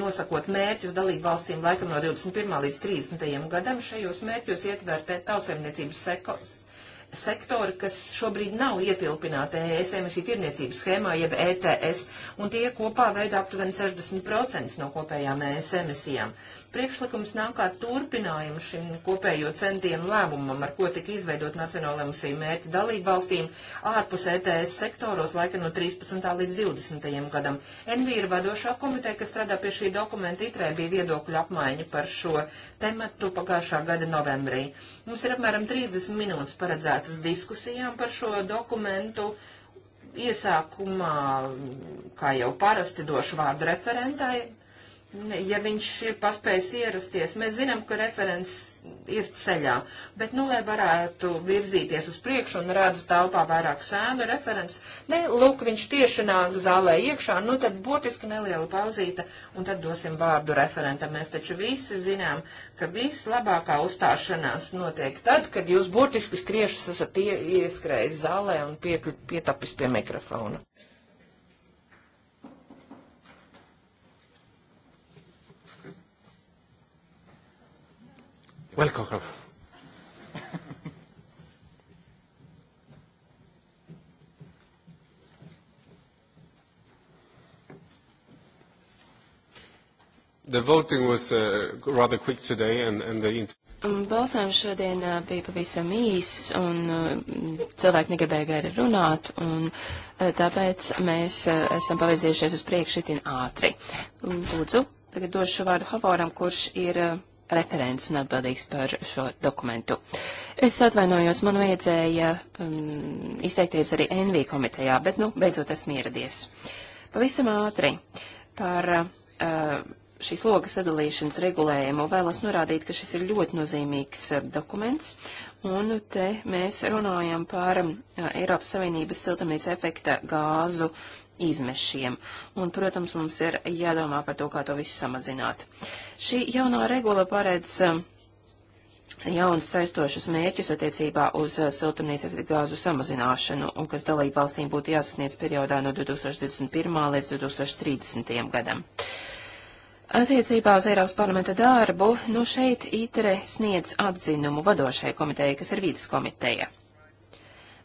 nosakot mērķus dalību valstīm laikam no 21. līdz 30. gadam. Šajos mērķos ietvērtēt tautsēmniecības sekos sektori, kas šobrīd nav ietilpināti ES emisiju tirniecības schēmā, jeb ETS, un tie kopā veidā aptuveni 60% no kopējām ES emisijām priekšlikums nāk kā turpinājums šim kopējo centienu lēmumam, ar ko tika izveidot nacionālajiem misiju mērķi dalību valstīm ārpus ETS sektoros laika no 13. līdz 20. gadam. NV ir vadošā komiteja, kas strādā pie šī dokumenta itrē, bija viedokļu apmaiņa par šo tematu pagājušā gada novembrī. Mums ir apmēram 30 minūtes paredzētas diskusijām par šo dokumentu iesākumā, kā jau parasti, došu vārdu referentai ja viņš ir paspējis ierasties. Mēs zinām, ka referents ir ceļā, bet, nu, lai varētu virzīties uz priekšu un redzu telpā vairāk sēnu referents, ne, lūk, viņš tieši nāk zālē iekšā, nu, tad būtiski neliela pauzīta, un tad dosim vārdu referentam. Mēs taču visi zinām, ka vislabākā uzstāšanās notiek tad, kad jūs būtiski skriešus esat ieskrējis zālē un pie, pietapis pie mikrofona. Welcome. The voting was uh, rather quick today and, and the mm, Balsājums šodien uh, bija pavisam īs, un uh, cilvēki negribēja gari runāt, un uh, tāpēc mēs esam pavirzījušies uz priekšu itin ātri. Lūdzu, tagad došu vārdu Havoram, kurš ir referents un atbildīgs par šo dokumentu. Es atvainojos, man vajadzēja um, izteikties arī NV komitejā, bet, nu, beidzot esmu ieradies. Pavisam ātri par uh, šīs logas sadalīšanas regulējumu vēlos norādīt, ka šis ir ļoti nozīmīgs uh, dokuments, un te mēs runājam par uh, Eiropas Savienības siltumnīca efekta gāzu izmešiem. Un, protams, mums ir jādomā par to, kā to visu samazināt. Šī jaunā regula paredz um, jaunas saistošas mērķus attiecībā uz uh, siltumnīca efekta gāzu samazināšanu, un kas dalību valstīm būtu jāsasniedz periodā no 2021. līdz 2030. gadam. Attiecībā uz Eiropas parlamenta darbu, nu šeit ITRE sniedz atzinumu vadošai komitejai, kas ir vīdes komiteja.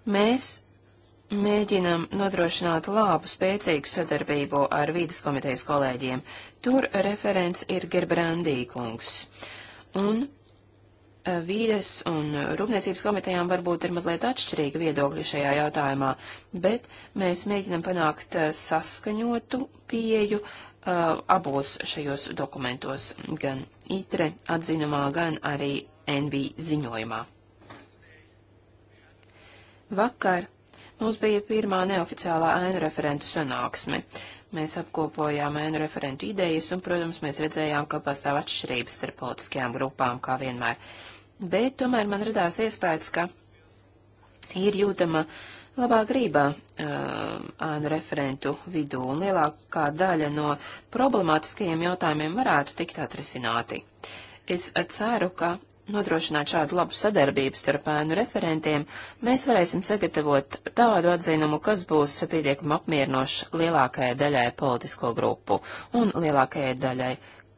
Mēs mēģinam nodrošināt labu, spēcīgu sadarbību ar vīdas komitejas kolēģiem. Tur referents ir Gerbrandī kungs. Un eh, vīdes un rūpniecības komitejām varbūt ir mazliet atšķirīga viedokļa šajā jautājumā, bet mēs mēģinam panākt eh, saskaņotu pieju uh, abos šajos dokumentos, gan ITRE atzinumā, gan arī NV ziņojumā. Vakar Mums bija pirmā neoficiālā ēnu referentu sanāksme. Mēs apkopojām ēnu referentu idejas, un, protams, mēs redzējām, ka pastāv atšķirības starp politiskajām grupām, kā vienmēr. Bet tomēr man radās iespējas, ka ir jūtama labā grībā um, ēnu uh, referentu vidū, un lielākā daļa no problemātiskajiem jautājumiem varētu tikt atrisināti. Es ceru, ka nodrošināt šādu labu sadarbību starp ēnu referentiem, mēs varēsim sagatavot tādu atzinumu, kas būs pietiekami apmierinošs lielākajai daļai politisko grupu un lielākajai daļai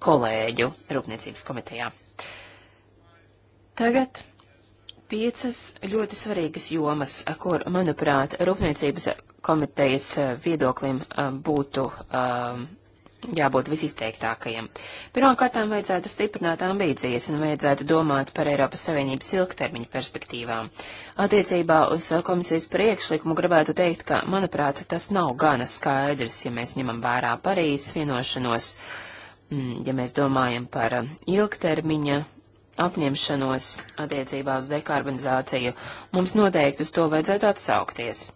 kolēģu Rūpniecības komitejā. Tagad piecas ļoti svarīgas jomas, kur, manuprāt, Rūpniecības komitejas viedoklim eh, būtu um, jābūt visizteiktākajiem. Pirmkārtām vajadzētu stiprināt ambīcijas un vajadzētu domāt par Eiropas Savienības ilgtermiņu perspektīvām. Attiecībā uz komisijas priekšlikumu gribētu teikt, ka, manuprāt, tas nav gana skaidrs, ja mēs ņemam vērā Parīzes vienošanos, mm, ja mēs domājam par ilgtermiņa apņemšanos attiecībā uz dekarbonizāciju, mums noteikti uz to vajadzētu atsaukties.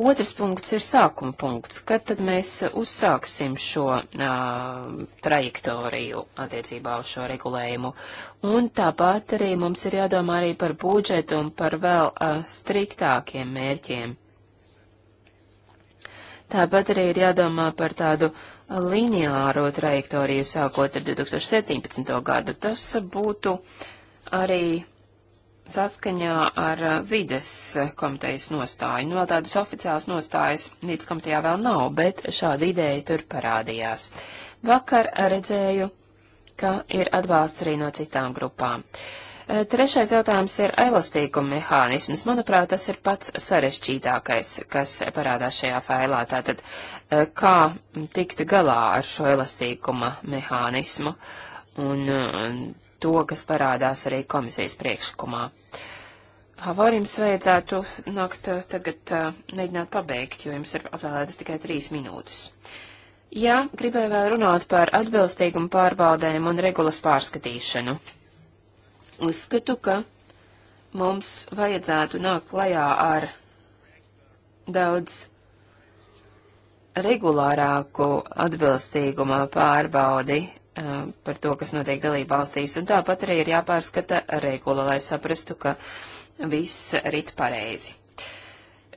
Otrs punkts ir sākuma punkts. Kad tad mēs uzsāksim šo uh, trajektoriju attiecībā uz šo regulējumu? Un tāpat arī mums ir jādomā arī par budžetu un par vēl uh, striktākiem mērķiem. Tāpat arī ir jādomā par tādu lineāro trajektoriju sākot ar 2017. gadu. Tas būtu arī saskaņā ar eh, vides eh, komitejas nostāju. Nu, vēl tādas oficiālas nostājas vides komitejā vēl nav, bet šāda ideja tur parādījās. Vakar redzēju, ka ir atbalsts arī no citām grupām. Eh, trešais jautājums ir elastīguma mehānisms. Manuprāt, tas ir pats sarežģītākais, kas parādās šajā failā. Tātad, kā tikt galā ar šo elastīguma mehānismu? Un, to, kas parādās arī komisijas priekšlikumā. Havorim vajadzētu nākt eh, tagad eh, mēģināt pabeigt, jo jums ir atvēlētas tikai trīs minūtes. Jā, gribēju vēl runāt par atbilstīgumu pārbaudēm un regulas pārskatīšanu. Uzskatu, ka mums vajadzētu nākt klajā ar daudz regulārāku atbilstīgumā pārbaudi par to, kas notiek dalība valstīs, un tāpat arī ir jāpārskata regula, lai saprastu, ka viss rit pareizi.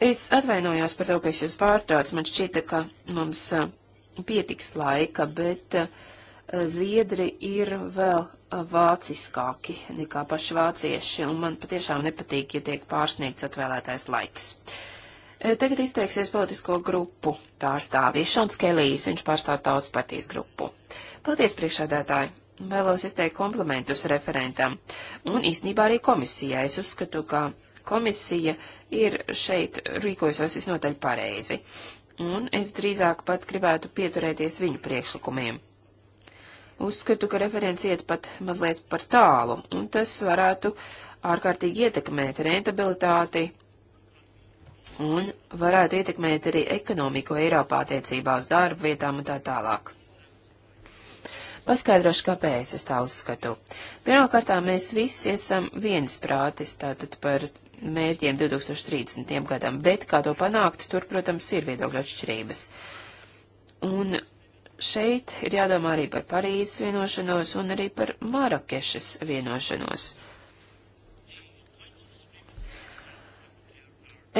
Es atvainojos par to, ka es jūs pārtraucu, man šķita, ka mums pietiks laika, bet zviedri ir vēl vāciskāki nekā paši vācieši, un man patiešām nepatīk, ja tiek pārsniegts atvēlētais laiks. Uh, E, tagad izteiksies politisko grupu pārstāvis Šons Kelijs, viņš pārstāv tautas partijas grupu. Paldies, priekšādātāji! Vēlos izteikt komplementus referentam un īstenībā arī komisijai. Es uzskatu, ka komisija ir šeit rīkojusies visnotaļ pareizi, un es drīzāk pat gribētu pieturēties viņu priekšlikumiem. Uzskatu, ka referents iet pat mazliet par tālu, un tas varētu ārkārtīgi ietekmēt rentabilitāti un varētu ietekmēt arī ekonomiku Eiropā attiecībā uz darba vietām un tā tālāk. Paskaidrošu, kāpēc es tā uzskatu. Pirmkārt, mēs visi esam viensprātis tātad par mērķiem 2030. gadam, bet kā to panākt, tur, protams, ir viedokļu atšķirības. Un šeit ir jādomā arī par Parīzes vienošanos un arī par Marakešas vienošanos. Uh,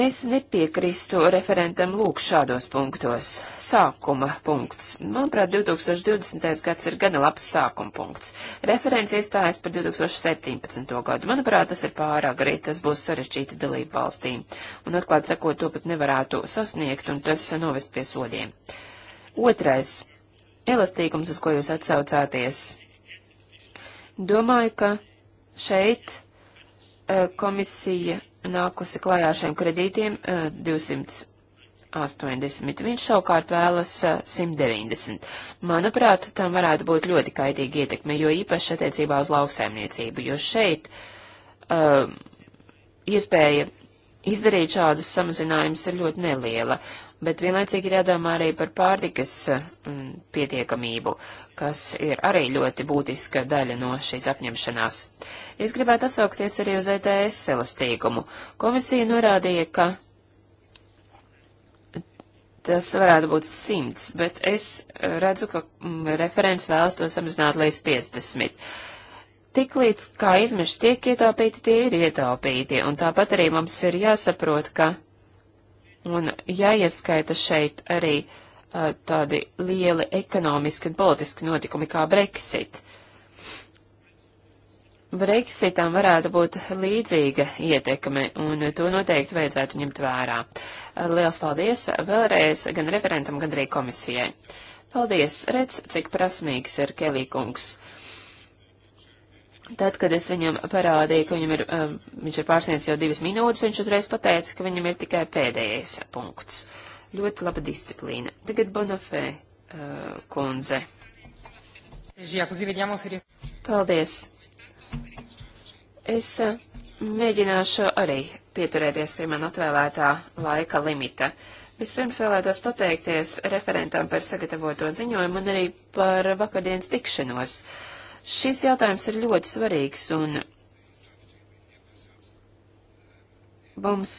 Es nepiekrīstu referentam lūk šādos punktos. Sākuma punkts. Manuprāt, 2020. gads ir gana labs sākuma punkts. Referents iestājas par 2017. gadu. Manuprāt, tas ir pārāk arī, tas būs sarežģīti dalību valstīm. Un atklāt sakot, to pat nevarētu sasniegt, un tas novest pie sodiem. Otrais. Elastīgums, uz ko jūs atsaucāties. Domāju, ka šeit eh, komisija nākusi klajā šiem kredītiem 280, eh, viņš savukārt vēlas 190. Eh, Manuprāt, tam varētu būt ļoti kaitīgi ietekme, jo īpaši attiecībā uz lauksaimniecību, jo šeit uh, iespēja izdarīt šādus samazinājumus ir ļoti neliela, bet vienlaicīgi ir jādomā arī par pārtikas m, mm, pietiekamību, kas ir arī ļoti būtiska daļa no šīs apņemšanās. Es gribētu atsaukties arī uz ETS elastīgumu. Komisija norādīja, ka tas varētu būt 100, bet es redzu, ka mm, referents vēlas to samazināt līdz 50. Tiklīdz kā izmeši tiek ietaupīti, tie ir ietaupīti, un tāpat arī mums ir jāsaprot, ka Un jāieskaita šeit arī uh, tādi lieli ekonomiski un politiski notikumi kā Brexit. Brexitam varētu būt līdzīga ietekme, un to noteikti vajadzētu ņemt vērā. Liels paldies vēlreiz gan referentam, gan arī komisijai. Paldies, redz, cik prasmīgs ir Kelī kungs. Tad, kad es viņam parādīju, ka viņam ir, um, viņš ir pārsniedzis jau divas minūtes, viņš uzreiz pateica, ka viņam ir tikai pēdējais punkts. Ļoti laba disciplīna. Tagad Bonafē uh, kundze. Paldies. Es uh, mēģināšu arī pieturēties pie man atvēlētā laika limita. Vispirms vēlētos pateikties referentam par sagatavoto ziņojumu un arī par vakardienas tikšanos. Uh, Šis jautājums ir ļoti svarīgs, un mums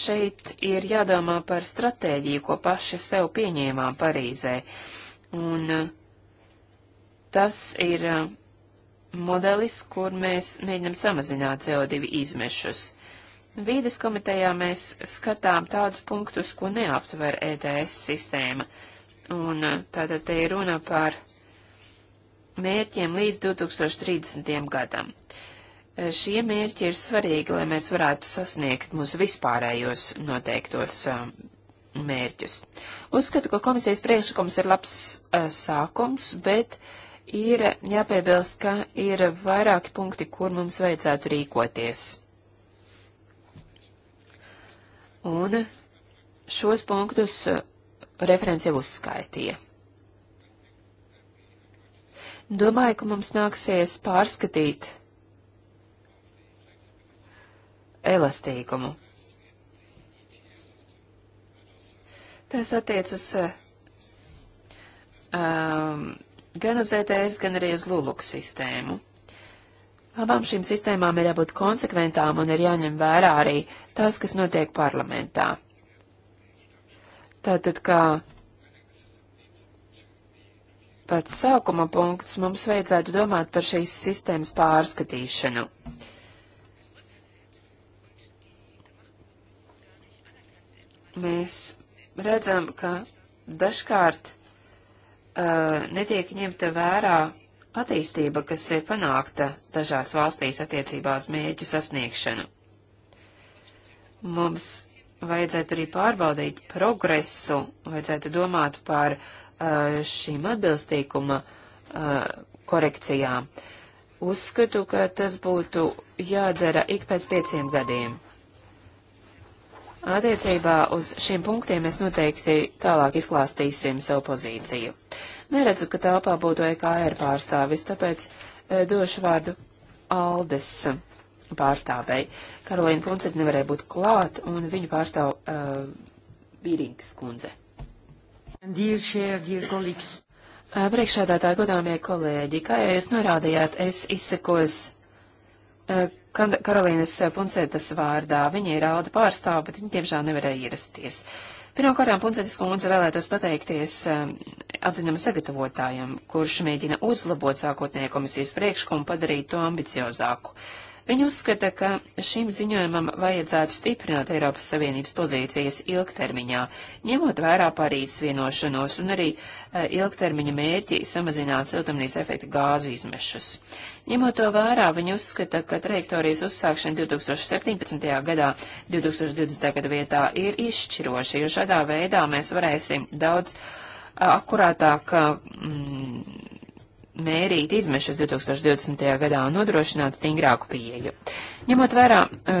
šeit ir jādomā par stratēģiju, ko paši sev pieņēmām Parīzē. Un uh, tas ir uh, modelis, kur mēs mēģinam samazināt CO2 izmešus. Vīdes komitejā mēs skatām tādus punktus, ko neaptver ETS sistēma. Un uh, tātad te ir runa par mērķiem līdz 2030. gadam. E, šie mērķi ir svarīgi, lai mēs varētu sasniegt mūsu vispārējos noteiktos e, mērķus. Uzskatu, ka komisijas priekšlikums ir labs uh, sākums, bet ir jāpiebilst, ka ir vairāki punkti, kur mums vajadzētu rīkoties. Un šos punktus referents jau uzskaitīja. Domāju, ka mums nāksies pārskatīt elastīgumu. Tas attiecas eh, um, gan uz ETS, gan arī uz LULUK sistēmu. Abām šīm sistēmām ir jābūt konsekventām un ir jāņem vērā arī tas, kas notiek parlamentā. Tātad, kā pats sākuma punkts mums vajadzētu domāt par šīs sistēmas pārskatīšanu. Mēs redzam, ka dažkārt uh, netiek ņemta vērā attīstība, kas ir panākta dažās valstīs attiecībā uz mērķu sasniegšanu. Mums vajadzētu arī pārbaudīt progresu, vajadzētu domāt par Eh, šīm atbilstīguma eh, korekcijām. Uzskatu, ka tas būtu jādara ik pēc pieciem gadiem. Attiecībā uz šiem punktiem mēs noteikti tālāk izklāstīsim savu pozīciju. Neredzu, ka telpā būtu EKR pārstāvis, tāpēc eh, došu vārdu Aldes pārstāvei. Karolīna Puncet nevarēja būt klāt, un viņu pārstāv uh, Bīrinkas kundze. Dear chair, dear colleagues. Eh, Priekšādātāji, godāmie kolēģi, kā jau jūs norādījāt, es izsekos eh, Karolīnas Puncetas vārdā. Viņa ir alda pārstāva, bet viņa tiemžēl nevarēja ierasties. Pirmkārt, Puncetas kundze vēlētos pateikties eh, atzinam sagatavotājam, kurš mēģina uzlabot sākotnējo komisijas priekšlikumu, padarīt to ambiciozāku. Uh, Viņa uzskata, ka šim ziņojumam vajadzētu stiprināt Eiropas Savienības pozīcijas ilgtermiņā, ņemot vērā Parīzes vienošanos un arī uh, ilgtermiņa mērķi samazināt siltumnīca efekta gāzu izmešus. Ņemot to vērā, viņa uzskata, ka trajektorijas uzsākšana 2017. gadā 2020. gada vietā ir izšķiroša, jo šādā veidā mēs varēsim daudz eh, akurātāk eh, mm, mērīt izmešas 2020. gadā un nodrošināt stingrāku pieeju. Ņemot vērā e,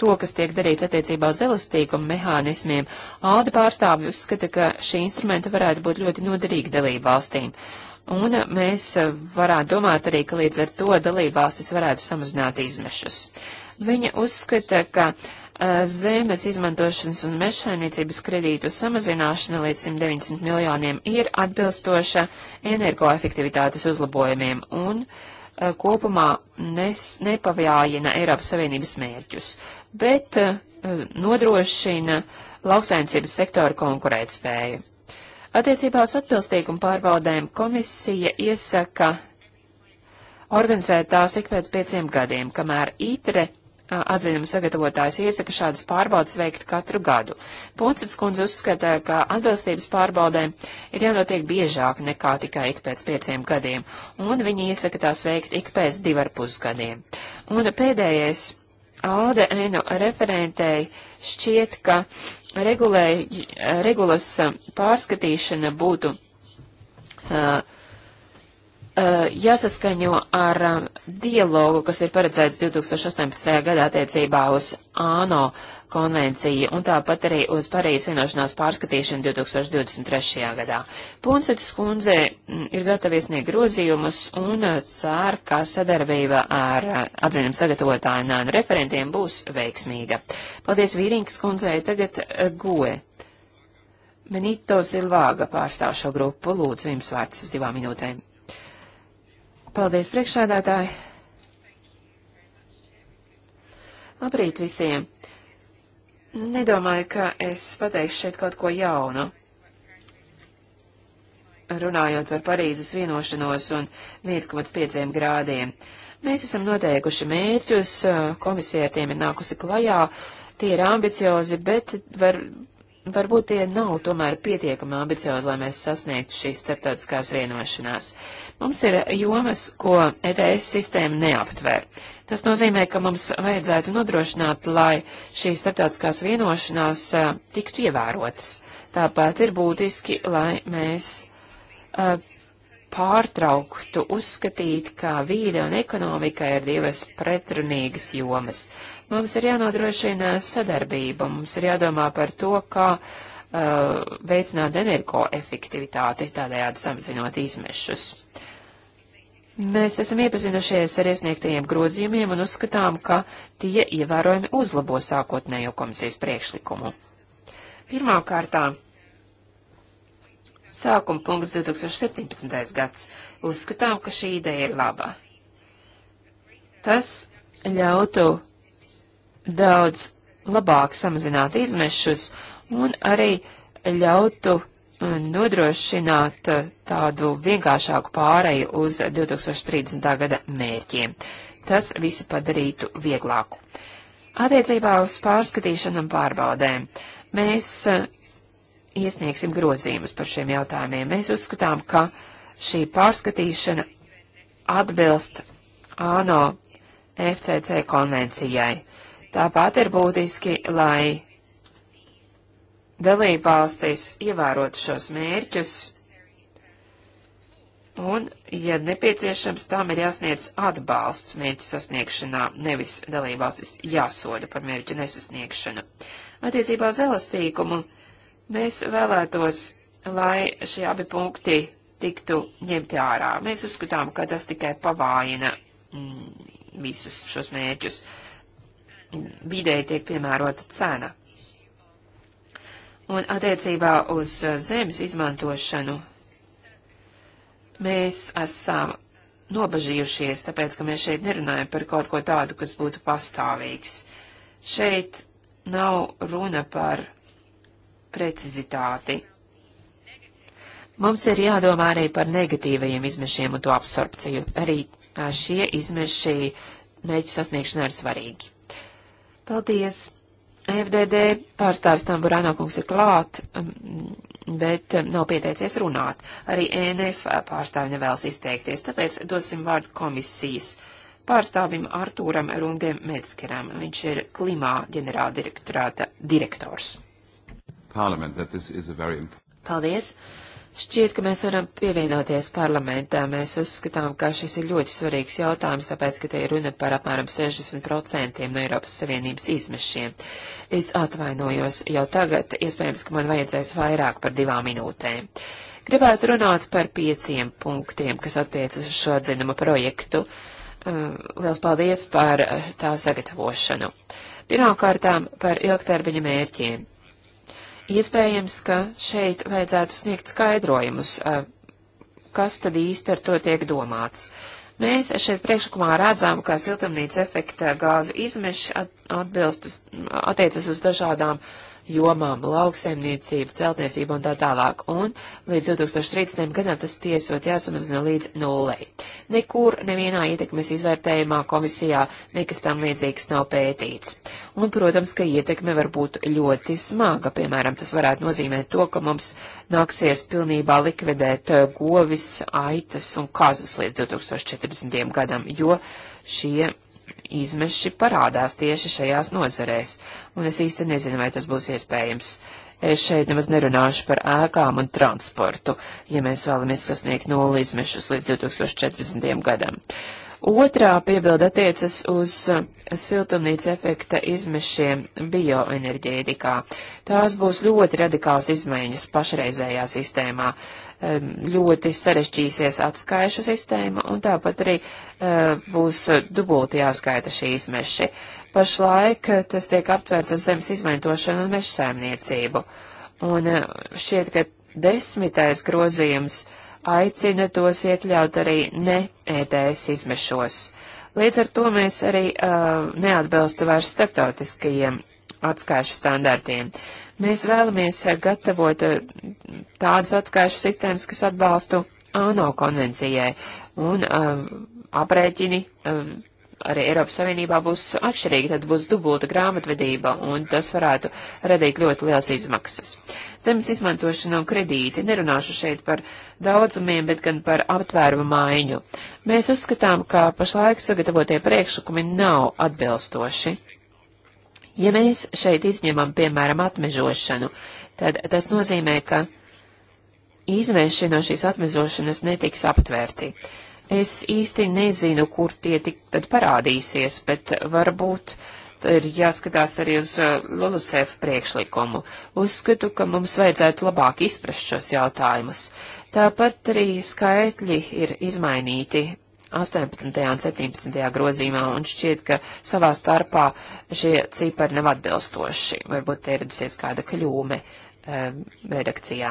to, kas tiek darīts attiecībā uz elastīgumu mehānismiem, ALDE pārstāvji uzskata, ka šī instrumenta varētu būt ļoti noderīga dalību valstīm. Un mēs varētu domāt arī, ka līdz ar to dalību valstis varētu samazināt izmešus. Viņa uzskata, ka uh, Eh, zemes izmantošanas un mežsaimniecības kredītu samazināšana līdz 190 miljoniem ir atbilstoša energoefektivitātes uzlabojumiem un uh, kopumā nes, nepavājina Eiropas Savienības mērķus, bet uh, nodrošina lauksainicības sektoru konkurētspēju. Attiecībā uz atbilstīgumu pārbaudēm komisija iesaka organizēt tās ik pēc pieciem gadiem, kamēr ITRE Atzinuma sagatavotājs iesaka šādas pārbaudas veikt katru gadu. Puncits kundze uzskata, ka atbilstības pārbaudēm ir jānotiek biežāk nekā tikai ik pēc pieciem gadiem, un viņi iesaka tās veikt ik pēc divarpus gadiem. Un pēdējais Alde Enu referentei šķiet, ka regulē, regulas pārskatīšana būtu uh, Eh, jāsaskaņo ar eh, dialogu, kas ir paredzēts 2018. gadā attiecībā uz ANO konvenciju un tāpat arī uz Parīzes vienošanās pārskatīšanu 2023. gadā. Puncetas kundze mm, ir gatava iesniegt grozījumus un eh, cer, ka sadarbība ar atziņam sagatavotājiem un referentiem būs veiksmīga. Paldies Vīrinkas kundzei, tagad goe. Benito Silvāga pārstāv šo grupu. Lūdzu, jums vārds uz divām minūtēm. Paldies, priekšsēdētāji! Labrīt visiem! Nedomāju, ka es pateikšu šeit kaut ko jaunu. Runājot par Parīzes vienošanos un 1,5 grādiem, mēs esam noteikuši mērķus, komisija ar tiem ir nākusi klajā, tie ir ambiciozi, bet var Varbūt tie nav tomēr pietiekami ambiciozi, lai mēs sasniegtu šīs starptautiskās vienošanās. Mums ir jomas, ko ETS sistēma neaptver. Tas nozīmē, ka mums vajadzētu nodrošināt, lai šīs starptautiskās vienošanās a, tiktu ievērotas. Tāpat ir būtiski, lai mēs a, pārtrauktu uzskatīt, ka vīde un ekonomika ir divas pretrunīgas jomas. Mums ir jānodrošina sadarbība, mums ir jādomā par to, kā uh, veicināt energoefektivitāti, tādējādi samazinot izmešus. Mēs esam iepazinušies ar iesniegtajiem grozījumiem un uzskatām, ka tie ievērojami uzlabo sākotnējo komisijas priekšlikumu. Pirmkārtā, sākuma punkts 2017. gads, uzskatām, ka šī ideja ir laba. Tas ļautu daudz labāk samazināt izmešus un arī ļautu mm, nodrošināt eh, tādu vienkāršāku pāreju uz 2030. gada mērķiem. Tas visu padarītu vieglāku. Attiecībā uz pārskatīšanu un pārbaudēm mēs eh, iesniegsim grozījumus par šiem jautājumiem. Mēs uzskatām, ka šī pārskatīšana atbilst ANO FCC konvencijai. Tāpat ir būtiski, lai dalībvalstis ievērotu šos mērķus, un, ja nepieciešams, tām ir jāsniedz atbalsts mērķu sasniegšanā, nevis dalībvalstis jāsoda par mērķu nesasniegšanu. Attiecībā uz elastīgumu mēs vēlētos, lai šie abi punkti tiktu ņemti ārā. Mēs uzskatām, ka tas tikai pavājina mm, visus šos mērķus. Uh, vidēji tiek piemērota cena. Un attiecībā uz zemes izmantošanu mēs esam nobažījušies, tāpēc, ka mēs šeit nerunājam par kaut ko tādu, kas būtu pastāvīgs. Šeit nav runa par precizitāti. Mums ir jādomā arī par negatīvajiem izmešiem un to absorpciju. Arī šie izmeši mēģu sasniegšanā ir svarīgi. Paldies! FDD pārstāvis Tamburāno kungs ir klāt, um, bet um, nav pieteicies runāt. Arī ENF pārstāvi nevēlas izteikties, tāpēc dosim vārdu komisijas pārstāvim Artūram Rungem Metzkeram. Viņš ir klimā ģenerāldirektorāta direktors. Paldies! Šķiet, ka mēs varam pievienoties parlamentā. Mēs uzskatām, ka šis ir ļoti svarīgs jautājums, tāpēc, ka te ir runa par apmēram 60% no Eiropas Savienības izmešiem. Es atvainojos jau tagad, iespējams, ka man vajadzēs vairāk par divām minūtēm. Gribētu runāt par pieciem punktiem, kas attiecas uz šo dzinuma projektu. Uh, liels paldies par tā sagatavošanu. Pirmkārtām par ilgtermiņa mērķiem. Iespējams, ka šeit vajadzētu sniegt skaidrojumus, kas tad īsti ar to tiek domāts. Mēs šeit priekšlikumā redzam, ka siltumnīca efekta gāzu izmeši atbilst uz, attiecas uz dažādām uh, jomām - lauksaimniecību, celtniecību un tā tālāk, un līdz 2030. gadam tas tiesot jāsamazina līdz nulei. Nekur nevienā ietekmes izvērtējumā komisijā nekas tam līdzīgs nav pētīts. Un, protams, ka ietekme var būt ļoti smaga, piemēram, tas varētu nozīmēt to, ka mums nāksies pilnībā likvidēt eh, govis, aitas un kazas līdz 2040. gadam, jo šie izmeši parādās tieši šajās nozarēs, un es īsti nezinu, vai tas būs iespējams. Es šeit nemaz nerunāšu par ēkām un transportu, ja mēs vēlamies sasniegt nulli izmešus līdz 2040. gadam. Otrā piebilda attiecas uz siltumnīca efekta izmešiem bioenerģētikā. Tās būs ļoti radikāls izmaiņas pašreizējā sistēmā. Uh, Um, ļoti sarežģīsies atskaišu sistēma un tāpat arī uh, būs dubulti jāskaita šī izmeši. Pašlaik uh, tas tiek aptvērts ar zemes izmantošanu un meža saimniecību. Un uh, šķiet, ka desmitais grozījums aicina tos iekļaut arī ne ETS izmešos. Līdz ar to mēs arī uh, neatbilstu vairs starptautiskajiem atskaišu standartiem. Mēs vēlamies gatavot eh, tādas atskaišu sistēmas, kas atbalstu ANO konvencijai, un uh, aprēķini uh, arī Eiropas Savienībā būs atšķirīgi, tad būs dubulta grāmatvedība, un tas varētu radīt ļoti liels izmaksas. Zemes izmantošana un kredīti. Nerunāšu šeit par daudzumiem, bet gan par aptvērumu maiņu. Mēs uzskatām, ka pašlaik sagatavotie priekšlikumi nav atbilstoši. Ja mēs šeit izņemam, piemēram, atmežošanu, tad tas nozīmē, ka izmeši no šīs atmežošanas netiks aptvērti. Es īsti nezinu, kur tie tik tad parādīsies, bet varbūt ir jāskatās arī uz uh, LULUSEF priekšlikumu. Uzskatu, ka mums vajadzētu labāk izprast šos jautājumus. Tāpat arī skaitļi ir izmainīti 18. un 17. grozījumā, un šķiet, ka savā starpā šie cipari nav atbilstoši. Varbūt te ieradusies kāda kļūme um, redakcijā.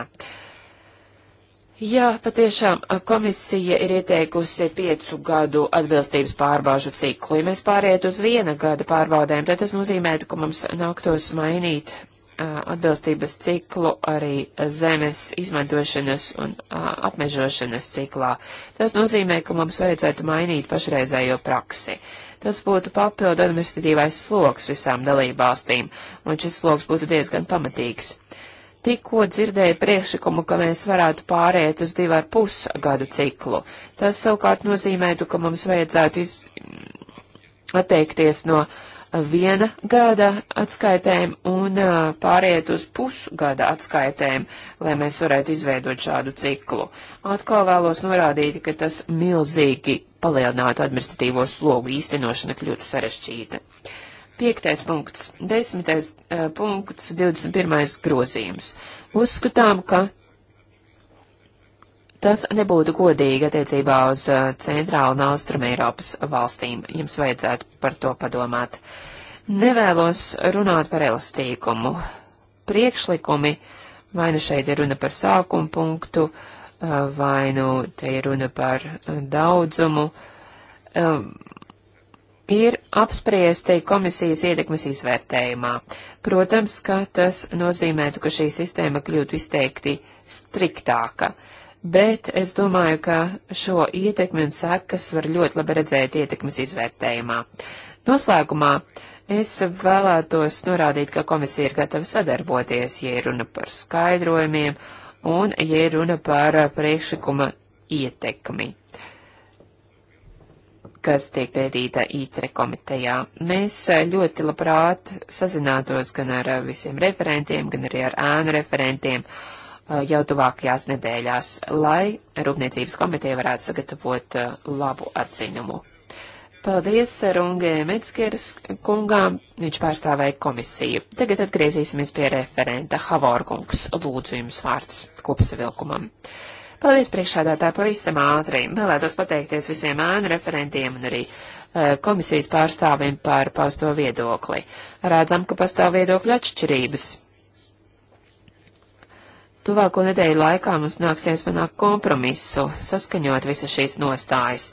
Jā, patiešām komisija ir ieteikusi piecu gadu atbilstības pārbaužu ciklu. Ja mēs pāriet uz viena gada pārbaudēm, tad tas nozīmētu, ka mums nāktos mainīt atbilstības ciklu arī zemes izmantošanas un a, apmežošanas ciklā. Tas nozīmē, ka mums vajadzētu mainīt pašreizējo praksi. Tas būtu papildu administratīvais sloks visām dalībvalstīm, un šis sloks būtu diezgan pamatīgs. Tikko dzirdēju priekšlikumu, ka mēs varētu pāriet uz divu ar pus gadu ciklu. Tas savukārt nozīmētu, ka mums vajadzētu iz... atteikties no uh, viena gada atskaitēm un pāriet uz pusgada atskaitēm, lai mēs varētu izveidot šādu ciklu. Atkal vēlos norādīt, ka tas milzīgi palielinātu administratīvo slogu, īstenošana kļūtu sarešķīta. Piektais punkts, desmitais uh, punkts, 21. grozījums. Uzskatām, ka Tas nebūtu godīgi attiecībā uz uh, centrālu un austrumu Eiropas valstīm. Jums vajadzētu par to padomāt. Nevēlos runāt par elastīgumu. Priekšlikumi, vai nu šeit ir runa par sākumu punktu, uh, vai nu te ir runa par uh, daudzumu, um, ir apspriesti komisijas ietekmes izvērtējumā. Protams, ka tas nozīmētu, ka šī sistēma kļūtu izteikti striktāka bet es domāju, ka šo ietekmi un sekas var ļoti labi redzēt ietekmes izvērtējumā. Noslēgumā es vēlētos norādīt, ka komisija ir gatava sadarboties, ja ir runa par skaidrojumiem un ja ir runa par priekšlikuma ietekmi kas tiek pētīta ITRE komitejā. Mēs ļoti labprāt sazinātos gan ar visiem referentiem, gan arī ar ēnu referentiem, uh, Uh, jau tuvākajās nedēļās, lai Rūpniecības komiteja varētu sagatavot uh, labu atziņumu. Paldies Rungē Metzgeres kungām, viņš pārstāvēja komisiju. Tagad atgriezīsimies pie referenta Havorkungs. Lūdzu jums vārds kopsavilkumam. Paldies priekšādātāji pavisam ātri. Vēlētos pateikties visiem ēnu referentiem un arī uh, komisijas pārstāvim par pausto viedokli. Redzam, ka pastāv viedokļu atšķirības. Tuvāko nedēļu laikā mums nāksies panākt kompromisu, saskaņot visas šīs nostājas.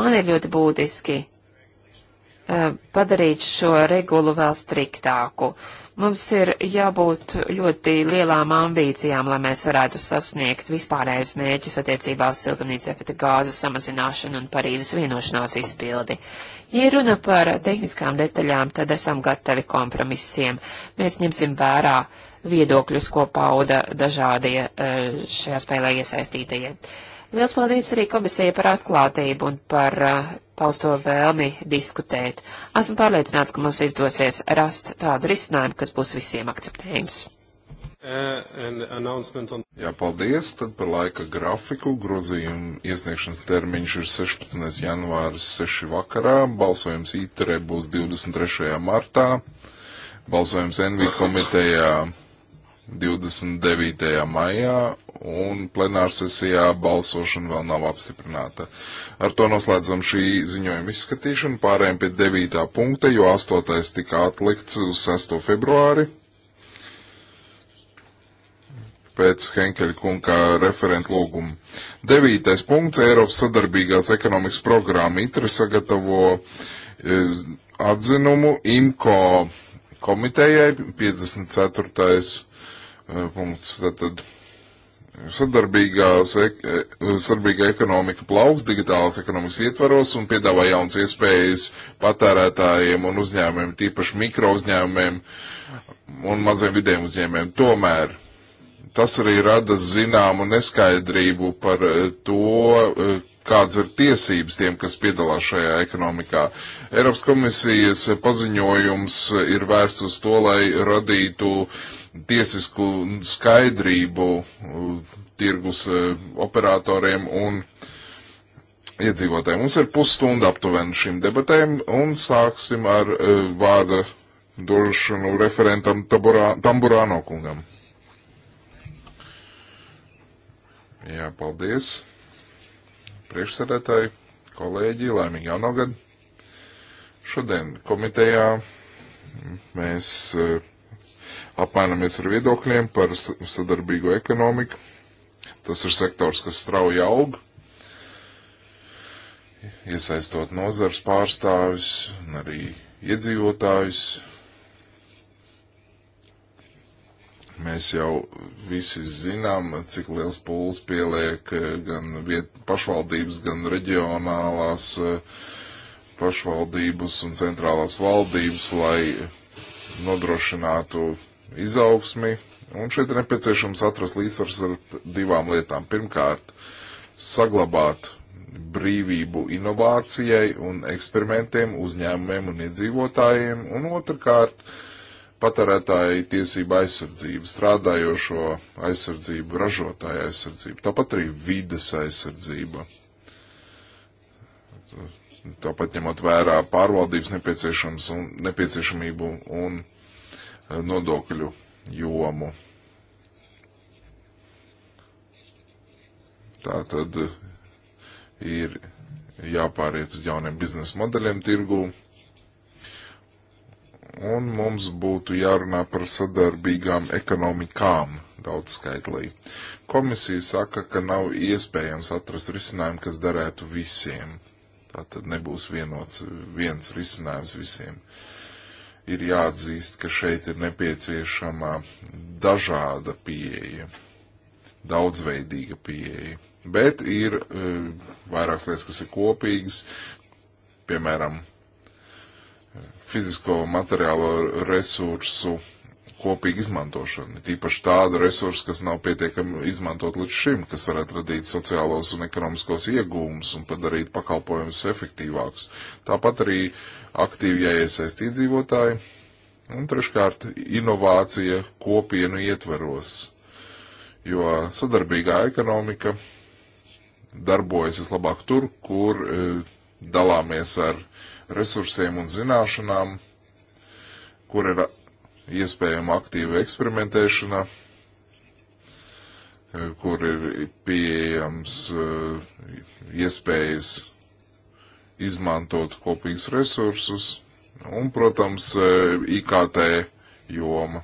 Man ir ļoti būtiski uh, padarīt šo regulu vēl striktāku. Uh, Mums ir jābūt ļoti lielām ambīcijām, lai mēs varētu sasniegt vispārējus mērķus attiecībā uz siltumnīca efekta gāzu samazināšanu un Parīzes vienošanās izpildi. Ja runa par tehniskām detaļām, tad esam gatavi kompromisiem. Mēs ņemsim vērā viedokļus, ko pauda dažādie eh, šajā spēlē iesaistītajie. Liels paldies arī komisijai par atklātību un par eh, pausto vēlmi diskutēt. Esmu pārliecināts, ka mums izdosies rast tādu risinājumu, kas būs visiem akceptējams. Uh, on... Jā, paldies. Tad par laika grafiku grozījuma iesniegšanas termiņš ir 16. janvāris 6. vakarā. Balsojums ITRE būs 23. martā. Balsojums NV komitejā 29. maijā un plenārsesijā balsošana vēl nav apstiprināta. Ar to noslēdzam šī ziņojuma izskatīšanu, pārējām pie 9. punkta, jo 8. tika atlikts uz 6. februāri. Pēc Henkeļa kunga referenta lūguma. Devītais punkts - Eiropas sadarbīgās ekonomikas programma. Itra sagatavo e, atzinumu IMCO komitejai 54. E, punkts. Tātad sadarbīgās, e, sadarbīga ekonomika plauks digitālas ekonomikas ietvaros un piedāvā jauns iespējas patērētājiem un uzņēmumiem, tīpaši mikro uzņēmumiem un maziem vidiem uzņēmumiem. Tomēr tas arī rada zināmu neskaidrību par e, to, e, kādas ir tiesības tiem, kas piedalās šajā ekonomikā. Eiropas komisijas paziņojums ir vērsts uz to, lai radītu uh, tiesisku skaidrību uh, tirgus uh, operatoriem un iedzīvotājiem. Mums ir pusstunda aptuveni šīm debatēm un sāksim ar uh, vārda došanu referentam taburā, Tamburāno kungam. Jā, paldies. Priekšsēdētāji, kolēģi, laimīgi jaunogad. Šodien komitejā mēs uh, apmainamies ar viedokļiem par sadarbīgo ekonomiku. Tas ir sektors, kas strauji aug, iesaistot nozars pārstāvis un arī iedzīvotājus. Mēs jau visi zinām, cik liels pūles pieliek eh, gan viet, pašvaldības, gan reģionālās eh, pašvaldības un centrālās valdības, lai nodrošinātu izaugsmi, un šeit ir nepieciešams atrast līdzsvars ar divām lietām. Pirmkārt, saglabāt brīvību inovācijai un eksperimentiem uzņēmumiem un iedzīvotājiem, un otrkārt, patērētāju tiesību aizsardzību, strādājošo aizsardzību, ražotāju aizsardzību, tāpat arī vides aizsardzība. Tāpat ņemot vērā pārvaldības nepieciešams un nepieciešamību un nodokļu jomu. Tā tad ir jāpāriet uz jauniem biznesa modeļiem tirgū. Un mums būtu jārunā par sadarbīgām ekonomikām daudz skaitlī. Komisija saka, ka nav iespējams atrast risinājumu, kas derētu visiem. Tā tad nebūs vienots, viens risinājums visiem. Uh, ir jāatzīst, ka šeit ir nepieciešama dažāda pieeja, daudzveidīga pieeja. Bet ir e, vairākas lietas, kas ir kopīgas, piemēram, e, fizisko materiālo resursu kopīgu izmantošanu. Tīpaši tādu resursu, kas nav pietiekami izmantot līdz šim, kas varētu radīt sociālos un ekonomiskos iegūmus un padarīt pakalpojumus efektīvākus. Tāpat arī aktīvi jāiesaist iedzīvotāji. Un treškārt, inovācija kopienu ietveros, jo sadarbīgā ekonomika darbojas vislabāk tur, kur e, dalāmies ar resursiem un zināšanām, kur ir iespējama aktīva eksperimentēšana, eh, kur ir pieejams eh, iespējas izmantot kopīgus resursus un, protams, eh, IKT joma,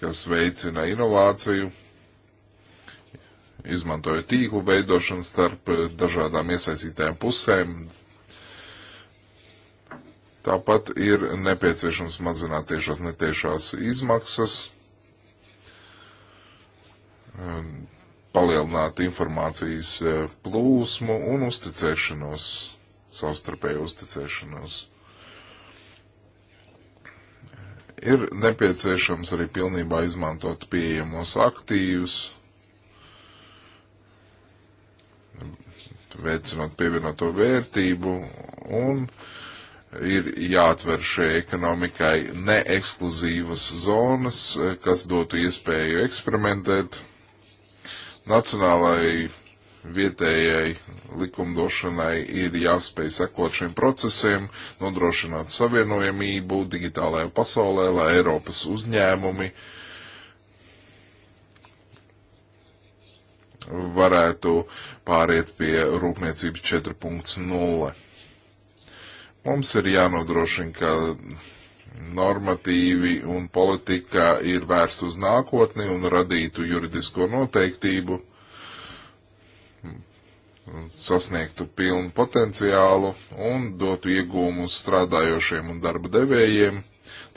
kas veicina inovāciju, izmantoja tīklu veidošanu starp dažādām iesaistītēm pusēm, Tāpat ir nepieciešams mazināt tiešās netiešās izmaksas, um, palielināt informācijas eh, plūsmu un uzticēšanos, savstarpēju uzticēšanos. Ir nepieciešams arī pilnībā izmantot pieejamos aktīvus, veicinot pievienoto vērtību un uh, ir jāatver šai ekonomikai neekskluzīvas zonas, eh, kas dotu iespēju eksperimentēt nacionālai vietējai likumdošanai ir jāspēj sekot šiem procesiem, nodrošināt savienojamību digitālajā pasaulē, lai Eiropas uzņēmumi varētu pāriet pie rūpniecības 4.0. Mums ir jānodrošina, ka normatīvi un politika ir vērst uz nākotni un radītu juridisko noteiktību, sasniegtu pilnu potenciālu un dotu iegūmus strādājošiem un darba devējiem.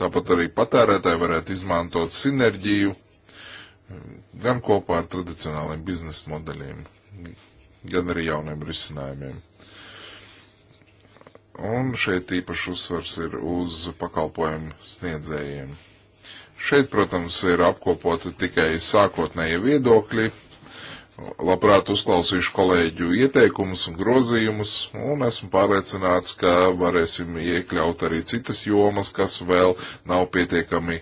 Tāpat arī patērētāji varētu izmantot sinerģiju gan kopā ar tradicionāliem biznesa modeļiem, gan arī jauniem risinājumiem. Un šeit īpaši uzsvars ir uz pakalpojumu sniedzējiem. Šeit, protams, ir apkopoti tikai sākotnēji viedokļi. Labprāt uzklausīšu kolēģu ieteikumus un grozījumus, un esmu pārliecināts, ka varēsim iekļaut arī citas jomas, kas vēl nav pietiekami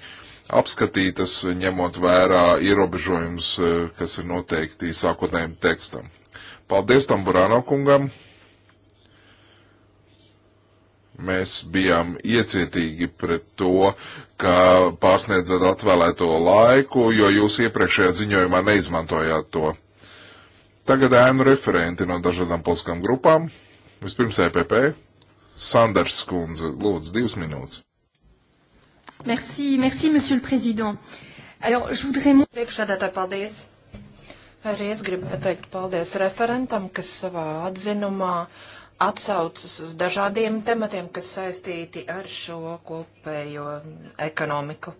apskatītas, ņemot vērā ierobežojumus, eh, kas ir noteikti sākotnējiem tekstam. Paldies Tamburāno kungam! Mēs bijām iecietīgi pret to, ka pārsniedzat atvēlēto laiku, jo jūs iepriekšējā ziņojumā neizmantojāt to. Tagad ēnu referenti no dažādām politiskām grupām. Vispirms EPP. Sanders Kunze, lūdzu, divas minūtes. Merci, merci, monsieur le président. Alors, je voudrais... Priekšsēdētāji, paldies. Arī es gribu pateikt paldies referentam, kas savā atzinumā uh, atsaucas uz dažādiem tematiem, kas saistīti ar šo kopējo ekonomiku.